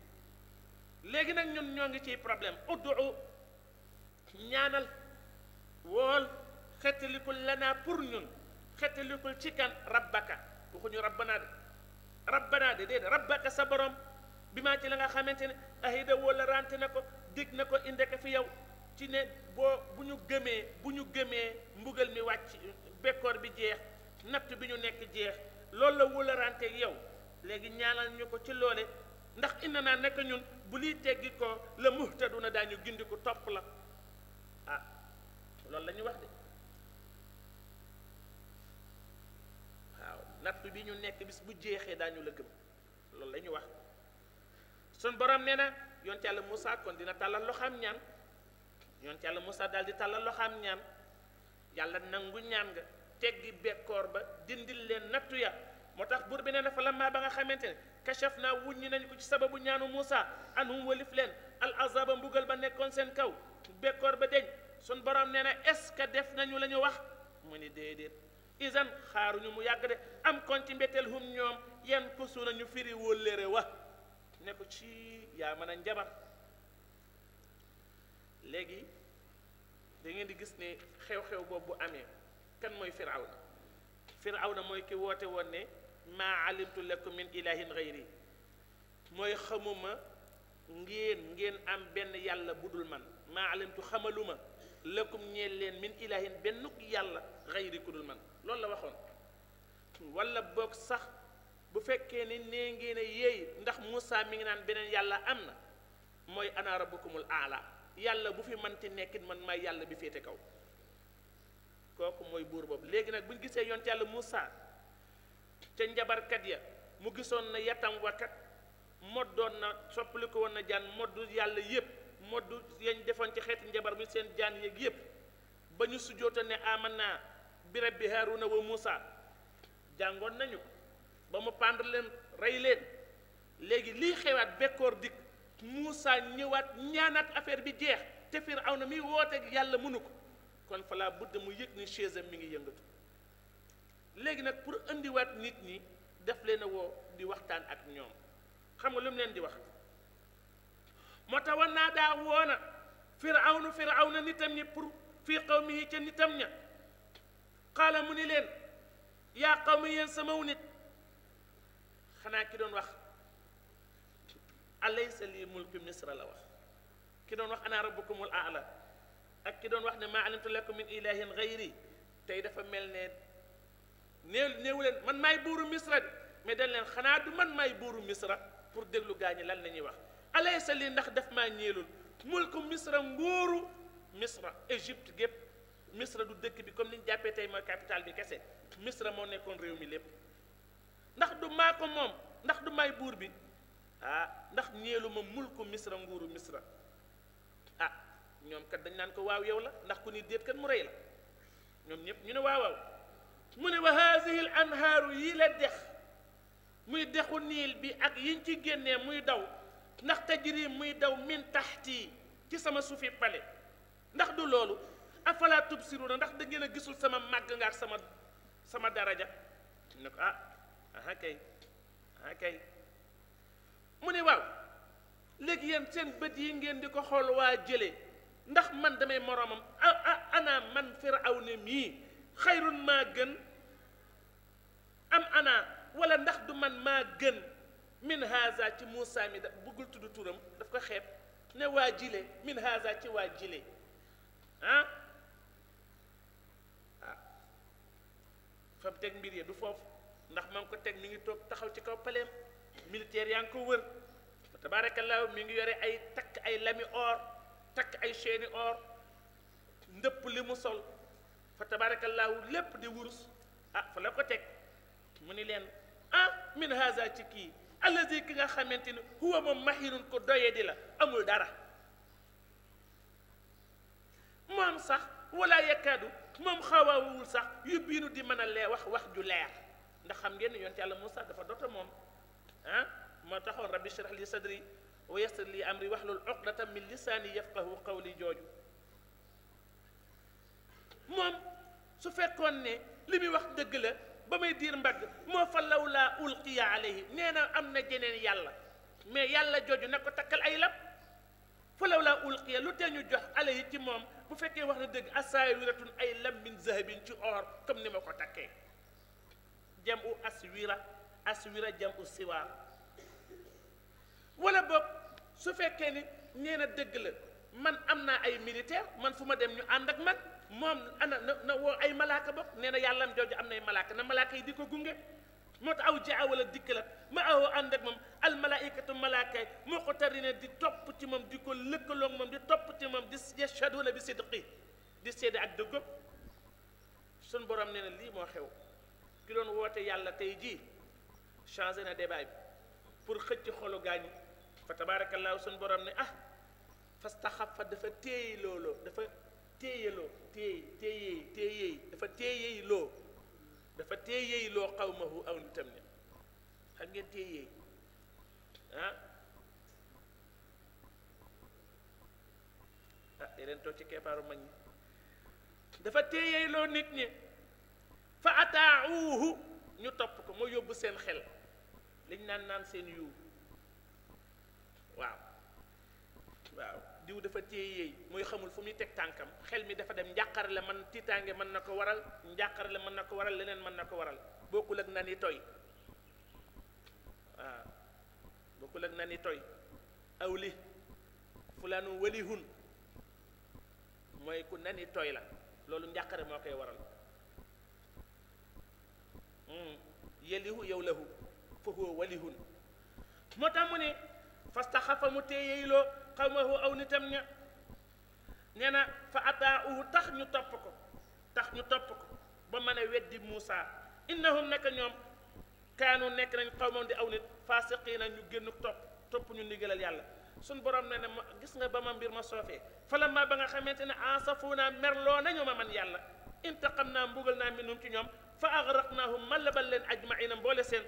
[SPEAKER 1] léegi nag ñun ñoo ngi ciy problème uddu ñaanal wool xettalikul lanaa pour ñun xettalikul ci kan rabbaka waxuñu rabbanaa de rabbanaa de déedéet rabbaka sa borom bi maa ci la nga xamante ne ahida wala rante na ko dig na ko inde ko fi yow ci ne boo bu ñu gëmee bu ñu gëmee mbugal mi wàcc bekkoor bi jeex natt bi ñu nekk jeex loolu la wólarante yow léegi ñaanal ñu ko ci loole ndax indi naa nekk ñun bu liy teggi ko la muhtaduna daañu gindi ko topp la ah loolu la ñuy wax de waaw natt bi ñu nekk bis bu jeexee daañu la gëm loolu la ñuy wax sun borom nee na yonte yàlla Moussa kon dina tàllal loo xam ñaan yonent yàlla Moussa daal di tàllal loxaam ñaan yàlla nangu ñaan nga teggi bekkoor ba dindil leen nattu ya moo tax buur bi nee na fa lammaa ba nga xamante ne kachaf naa wuññi nañ ko ci sababu ñaanu Moussa anhum walif leen al azaba mbugal ba nekkoon seen kaw bekkoor ba deñ sun borom nee na est-ce que def nañu la ñu wax mu ni déedéet isan xaaruñu mu yàgg de am kon ci mbetteel hum ñoom yan kusu nañu firi wóllëre wa ne ko ci yaa man a njabar léegi da ngeen di gis ne xew-xew boobu bu amee kan mooy firawna na mooy ki woote woon ne maa alimtu lakum min ilahin gayri mooy xamuma ngeen ngeen am benn yàlla bu dul man maa alimtu xamaluma lakum ñeel leen min ilahin benn yàlla gayri ku dul man loolu la waxoon wala boog sax bu fekkee ne nee ngeen a yéey ndax Moussa mi ngi naan beneen yàlla am na mooy ana rabbukumul aala yàlla bu fi man manti nekkit man may yàlla bi féete kaw kooku mooy buur boobu léegi nag bu ñu gisee yoon yonent yàlla Moussa ca njabarkat ya mu gisoon na yatam wakat moddoon na soppali ko woon na jaan moddu yàlla yépp moddu yañ defoon ci xeeti njabar mu seen jaan yeeg yépp ba ñu sujjóota ne amana bi rabbi Haaruna wa Moussa jàngoon nañu ba mu pendre leen rey leen léegi lii xewaat bekkoor dikk Moussa ñëwaat ñaanaat affaire bi jeex te Firawna mi wooteeg yàlla mënu ko kon fa laa budda mu yëg ni chaise am mi ngi yëngatu léegi nag pour indiwaat nit ñi def leen a woo di waxtaan ak ñoom xam nga lu mu leen di wax moo tax war naa daa woona Firawna na nitam ñi pour fii qawmihi ca nitam ña xaala mu ni leen yaa qawmi yéen samaw nit xanaa ki doon wax alaysa li mulki misra la wax ki doon wax anaa ko rabbukumul aala ak ki doon wax ne maa alimtu lakum min ilahin gayri tey dafa mel ne néew néewu leen man maay buuru misra de mais dañ leen xanaa du man maay buuru misra pour déglu gaa ñi lan la ñuy wax alaysa li ndax daf maa ñeelul mulku misra nguuru misra égypte gépp misra du dëkk bi comme ni jàppee tey mooy capital bi kese misra moo nekkoon réew mi lépp ndax du maa ko moom ndax du maay buur bi ah ndax ñeelu ma mulku misra nguuru misra ah ñoom kat dañ naan ko waaw yow la ndax ku ni déet kat mu rey la ñoom ñëpp ñu ne waaw waaw mu ne wa haadihi l anhaaru yi la dex muy dexu niil bi ak yiñ ci génnee muy daw ndax tajri muy daw min taxti ci sama suufi pale ndax du loolu afala tubsiruna ndax da ngeen a gisul sama màgg ngaar sama sama daraja ñu ne ko ah aha kay aha kay mu ne waaw léegi yéen seen bët yi ngeen di ko xool waa jële ndax man damay moroomam ana man firawna mii xayrun maa gën am ana wala ndax du man maa gën min haza ci Moussa mi da bëggul tudd turam daf ko xeeb ne waa jile min haza ci waa jile ah ah fa mu teg mbir ya du foofu ndax maa ngi ko teg mi ngi toog taxaw ci kaw paleem militaire yaa ngi ko wër tabaarakallaahu mi ngi yore ay takk ay lami or takk ay chaîne or ndëpp li mu sol fa tabaarakallaahu lépp di wurus ah fa la ko teg mu ni leen ah min haza ci kii allazi ki nga xamante ni huwa moom mahinun ko doyee di la amul dara moom sax wala yakkaadu moom xawaawul sax yóbbiinu di mën a lee wax wax ju leer ndax xam ngeen ne yonent yàlla Moussa dafa doto moom ah ma taxoon rabbi shrah li sadri wa yassir li amri wahlul uqdatan min lisaani yafqahu qawli jooju moom su fekkoon ne li muy wax dëgg la ba may diir mbagg moo fa law laa ulqiya alayhi nee na am na jeneen yàlla mais yàlla jooju na ko takkal ay lab fa law laa ulqiya lu tee ñu jox alayhi ci moom bu fekkee wax na dëgg asaawiratun ay lam min zahabin ci or comme ni ma ko takkee jam u aswira aswira jam u siwaar wala boog su fekkee ni nee na dëgg la man am naa ay militaire man fu ma dem ñu ànd ak man moom ana na woo ay malaaka boog nee na yàlla am jooju am nay malaaka na malaaka yi di ko gunge moo tax aw jaa wala dikk la ma awoo ànd ak moom almalaikatu malaaka yi moo ko tarine di topp ci moom di ko lëkkaloog moom di topp ci moom di yashhaduna bi sidqi di seede ak dëggam sun borom nee na lii moo xew ki doon woote yàlla tey jii changé na débat bi pour xëcc xolu gaañi fa tabaarakallaahu suñ borom ne ah fastaxafa dafa téey looloo dafa téeyaloo téey téeyey téeyey dafa téeyey loo dafa téeyey loo xawmahu aw nitam ne xam ngeen téeyey ah ah yeneen toog ci keppaaru mag ñi dafa téeyey loo nit ñi fa ataauhu ñu topp ko moo yóbbu seen xel dañ naan naan seen yiw waaw waaw diw dafa téye yéey mooy xamul fu muy teg tànkam xel mi dafa dem njàqare la man tiitaange mën na ko waral njàqare la mën na ko waral leneen man na ko waral bokkul ak na ni toy waaw bokkul ak na ni toy awli fulaanu walihun mooy ku nani tooy la loolu njàqare moo koy waral hmm. yelihu yow lahu fa huwa walihun moo tax mu ne fastaxafa mu téyeyloo xawmahu aw nitam ña nee na fa ataahu tax ñu topp ko tax ñu topp ko ba mën a weddi Muusaa innahum naka ñoom kaanu nekk nañ xawmam di aw nit faasiqiina ñu génn topp topp ñu ndigalal yàlla suñ borom na ne ma gis nga ba ma mbir ma soofee falamma ba nga xamante ne asafuuna merloo nañu ma man yàlla intaqam naa mbugal naa minhum ci ñoom fa agraqnaahum ma labal leen ajmaina mboole seen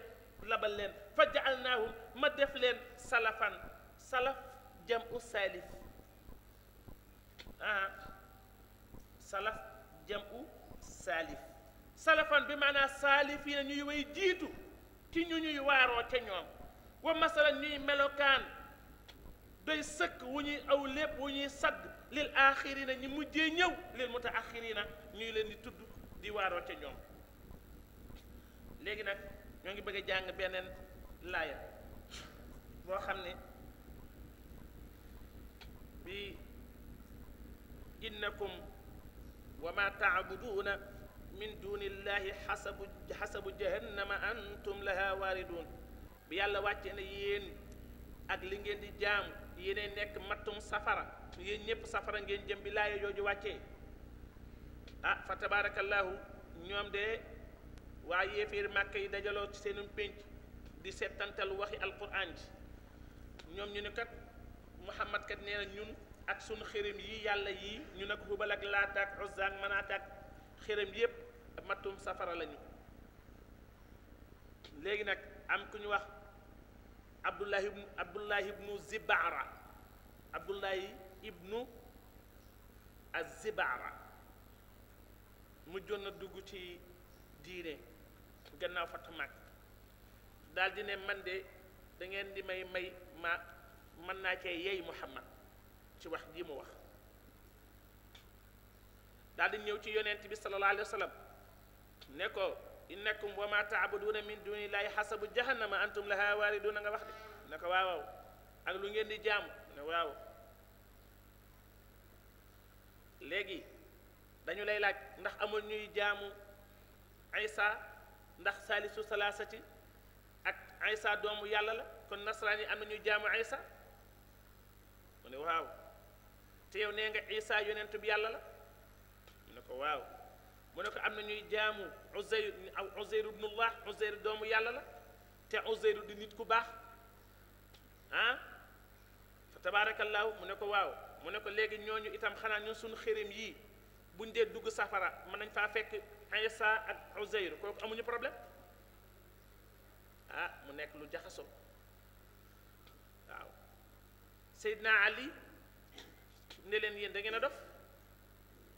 [SPEAKER 1] labal leen fa jaalnaahum ma def leen salafan salaf jam u salif ah salaf jam u bi maanaa saalif yi ne ñuy way jiitu ci ñu ñuy waaroo ca ñoom wa masala ñuy melokaan doy sëkk wu ñuy aw lépp wu ñuy sagg lil axirina ñi mujjee ñëw lil mutaaxirina ñuy leen di tudd di waaroo ca ñoom léegi nag ñoo ngi bëgg jàng beneen laaya boo xam ne bi innakum wa ma taabuduuna min duni illahi xasabu xasabu jahannama antum laha waaridun bi yàlla wàcce ne yéen ak li ngeen di jaam yeneen nekk mattum safara yéen ñëpp safara ngeen jëm bi laaya jooju wàccee ah fa tabarakallahu ñoom de waa yéeféeri màkk yi dajaloo ci seenum pénc di seetantal waxi alquran ji ñoom ñu ne kat muhammad kat nee na ñun ak sunu xërëm yi yàlla yi ñu ne ko hubal ak laata ak uzza ak manaata ak xërëm yépp mattum safara lañu léegi nag am ku ñu wax abdullahi ibnu abdullahi ibnu zibaara abdullahi ibnu azibaara mujjoon na dugg ci diine gannaaw fatt mag daal ne man de da ngeen di may may ma mën naa cee yey muhammad ci wax ji mu wax daal di ñëw ci yonent bi sallallahu alayhi wa sallam ne ko innakum wa ma taabuduuna min dunillahi xasabu jahannama antum laha waariduuna nga wax de ne ko waaw waaw ak lu ngeen di jaamu ne waaw léegi dañu lay laaj ndax amul ñuy jaamu Isa ndax saalisu salaasati ak Aysa doomu yàlla la kon nasaraan yi am na ñuy jaamu Aysa mu ne waaw te yow nee nga Isa yonent bi yàlla la mu ne ko waaw mu ne ko am na ñuy jaamu Uzayr aw Uzayr ibnullah doomu yàlla la te Uzayr di nit ku baax ah fa tabaarakallaahu mu ne ko waaw mu ne ko léegi ñooñu itam xanaa ñun suñu xërëm yii buñ dee dugg safara mën nañ faa fekk Isa ak Uzayr kooku amuñu problème ah mu nekk lu jaxasoo waaw Seydina Ali ne leen yéen da a dof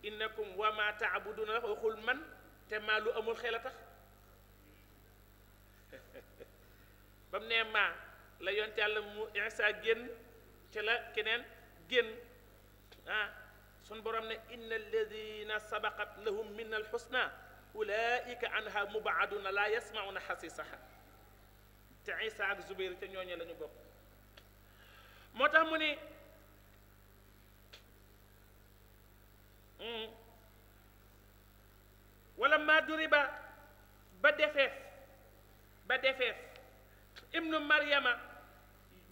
[SPEAKER 1] innakum wa ma taabuduna waxul man te maa lu amul xel a tax ba mu ne maa la yonte yàlla mu Isa génn ci keneen génn ah, suñ borom ne inna alladina sabaqat lahum min alxusna ulaika anha mubaaduna laa yasmauna xasisaha te isa ak zubayr ca ñooñe la ñu bokk moo tax mu ni hmm, wala ma duriba ba defeef ba defeef ibnu maryama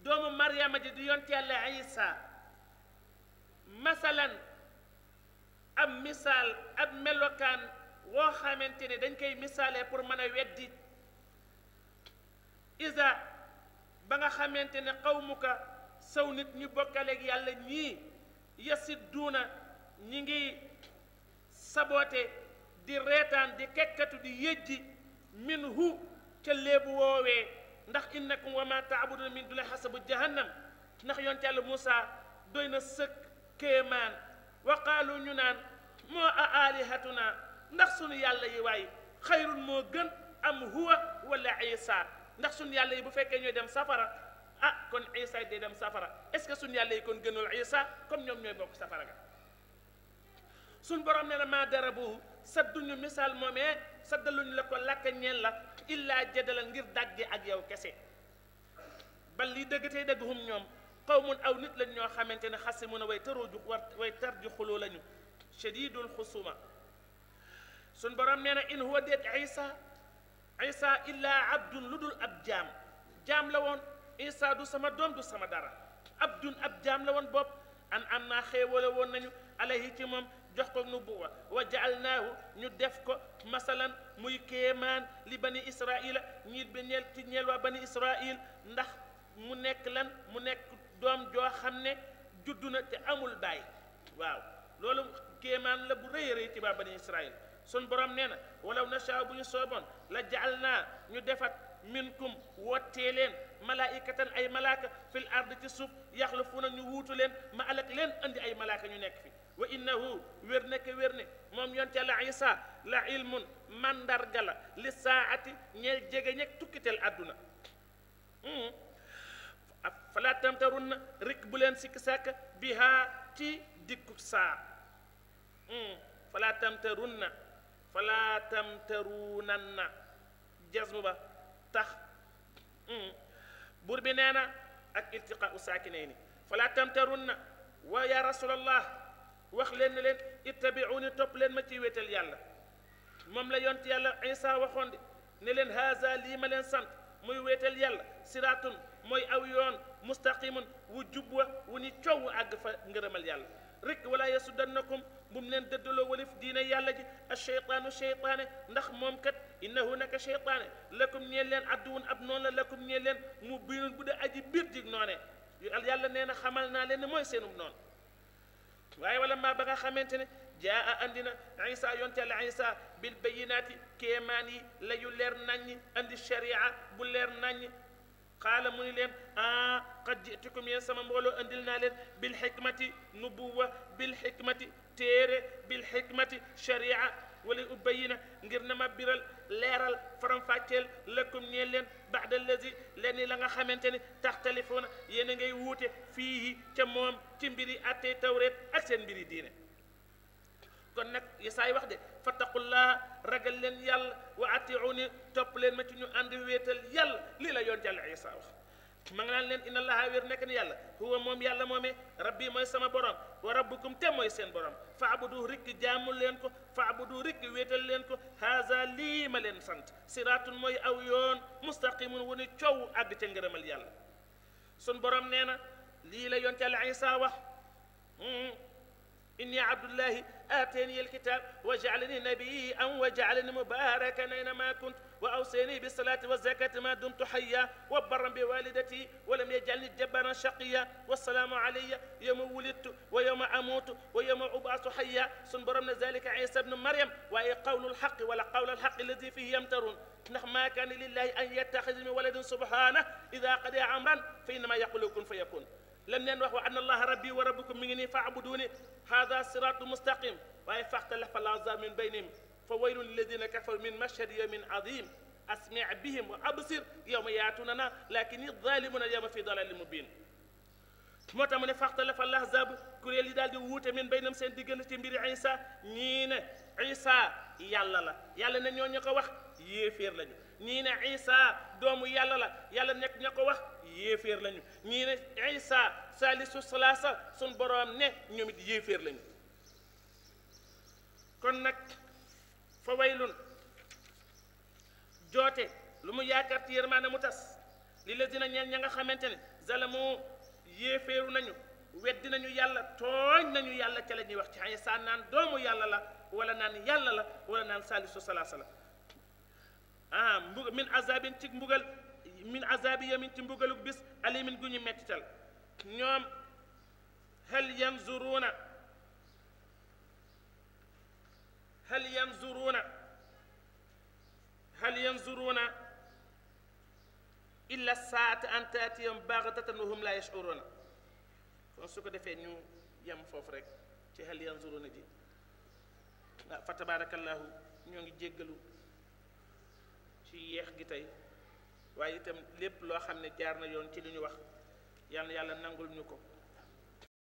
[SPEAKER 1] doomu maryama ji di yonte yàlla isa masalan ab misaal ab melokaan woo xamante ne dañ koy misaalee pour mën a weddi isa ba nga xamante ne xawmuka saw nit ñu bokkaleeg yàlla ñii yasit duuna ñi ngi saboote di reetaan di kekkatu di yëjji min hu ca léebu woowee ndax innakum wa ma taabuduna min dula xasabu jahannam ndax yonte yàlla Moussa doy na sëkk kéemaan waqaalu ñu naan moo a aalihatuna ndax suñu yàlla yi waaye xayrun moo gën am huwa wala isa ndax suñu yàlla yi bu fekkee ñooy dem safara ah kon isa day dem safara est-ce que sunu yàlla yi kon gënul isa comme ñoom ñooy bokk safara ga suñ borom ne na maa darabuhu sadduñu misaal moomee saddaluñu la ko lakk ñeen la illaa jadala ngir dàgge ak yow kese bal li dëgg tey dëgg ñoom qawmun aw nit lañ ñoo xamante ne xase mun a way taroo ju war way tar ju xuloo lañu shadidul xusuma suñ borom nee na in huwa déet isa isa illaa abdun lu dul ab jaam jaam la woon isa du sama doom du sama dara abdun ab jaam la woon bopp an am naa xéewale woon nañu alayhi ci moom jox ko nubuwa wa jaalnaahu ñu def ko masalan muy kéemaan li bani israila ñiit bi ñeel ci ñeel waa bani israil ndax mu nekk lan mu nekk doom joo xam ne juddu na te amul baay waaw loolu kéemaan la bu rëy a rëy ci waa bani Israël suñ borom nee na walaw nashaa bu ñu sooboon la jaal naa ñu defat minkum wottee leen malaaikatan ay malaaka fil ard ci suuf na ñu wuutu leen ma alak leen andi ay malaaka ñu nekk fi wa innahu wér nekk wér ne moom yonte la isa la ilmun mandarga la li saati ñeel jege ñeg tukkiteel àdduna hmm? ak falaa tamtarunna rek bu leen sikki sàkk bihaa ci dikku saa hmm, falaa tamtarunna falaa tamtarunanna jazmu tax hmm, buur bi nee na ak iltiqaa u saakinayni falaa tamtarunna wa ya rasulallah wax leen ne leen ittabiuni topp leen ma ciy wéetal yàlla moom la yont yàlla isa waxoon de ne leen haza lii ma leen sant muy wéetal yàlla siraatun mooy aw yoon mustaqimun wu jub wu ni coow àgg fa ngërëmal yàlla rek wala yasuddannakum bu mu leen dëddaloo walif diine yàlla ji acheytaanu cheytaane ndax moom kat innahu naka cheytaane lakum ñeen leen adduwun ab noonu la lakum ñeen leen mu biirun bu dee aji biir jig noonee yàlla nee na xamal naa leen ne mooy seenum noonu waaye wala maa ba nga xamante ne jaa a andi na isa yonte yàlla isa bil bayinaati kéemaan yi la yu leer naññi andi sharia bu leer naññi xaala mu ni leen ah qad jitukum yéen sama mbooloo andil naa leen bil xikmati nubuwa bil xikmati téere bil xikmati sharia wala ubayina ngir na ma biral leeral faram-fàcceel lakum ñeen leen baxda lazi la nga xamante ni taxtalifuuna yéen a ngay wuute fii ca moom ci mbiri attey tawreet ak seen mbiri diine kon nag yesaay wax de fattaqullaa ragal leen yàlla wa atiuni topp leen ma ci ñu ànd wéetal yàlla lii la yoon jàll isa wax ma nga naan leen inna allaha wér nekk ni yàlla huwa moom yàlla moomee rabbi mooy sama borom wa rabbukum te mooy seen borom faabudu rikk jaamu leen ko faabudu rikk wéetal leen ko haza lii ma leen sant siraatun mooy aw yoon mustaqimun wu ni coow àgg ca ngërëmal yàlla sun borom nee na lii la yoon jàll isa wax hmm. إني عبد الله آتاني الكتاب وجعلني نبيا وجعلني مباركا أينما كنت وأوصيني بالصلاة والزكاة ما دمت حيا وبرا بوالدتي ولم يجعلني جبارا شقيا والسلام علي يوم ولدت ويوم أموت ويوم أبعث حيا سنبر من ذلك عيسى بن مريم وأي قول الحق ولا قول الحق الذي فيه يمترون ndax maa kaana lillaahi an yattaxida min waladin subhaanahu idaa qadaa amran fa innamaa yaquulu kun fayakun lan leen wax wa anna allaha rabbi wa rabbukum mi ngi nii faabuduuni hada siratu mustaqim waaye faxtalafa lazar min baynihim fa waylun liladina kafaru min mashhadi yawmin azim asmi bihim wa absir yawma yaatunana lakin zalimuna yawma fi dalalin mubin moo tax mu ne faxtalafa al-ahzaab kuréel yi daal di wuute min baynam seen diggante ci mbiri Isa ñii a Isa yàlla la yàlla ne ñoo ñu ko wax yéeféer lañu ñii ne Isa doomu yàlla la yàlla nekk ña ko wax yéeféer lañu ñii ne isa salisu salaasa sun boroom ne ñoom it yéeféer lañu kon nag fa waylun joote lu mu yaakaar ci yërmaane mu tas li la dina ñan ña nga xamante ne zalamu yéeféeru nañu weddi nañu yàlla tooñ nañu yàlla ca la ñuy wax ci isa naan doomu yàlla la wala naan yàlla la wala naan salisu salaasa la ah mbug min azabin ci mbugal min azabi yamin ci mbugalug bis alimin gu ñu mettital ñoom hal yanzuruuna hal yanzuruuna hal yanzuruuna illa saata an taatiyam baxatatan wa hum laa yashcuruuna su ko defee ñu yem foofu rek ci hal yanzuruuna ji fa tabaarakallaahu ñoo ngi jéggalu ci yeex gi tey waaye itam lépp loo xam ne jaar na yoon ci li ñu wax yàlla yàlla nangul ñu ko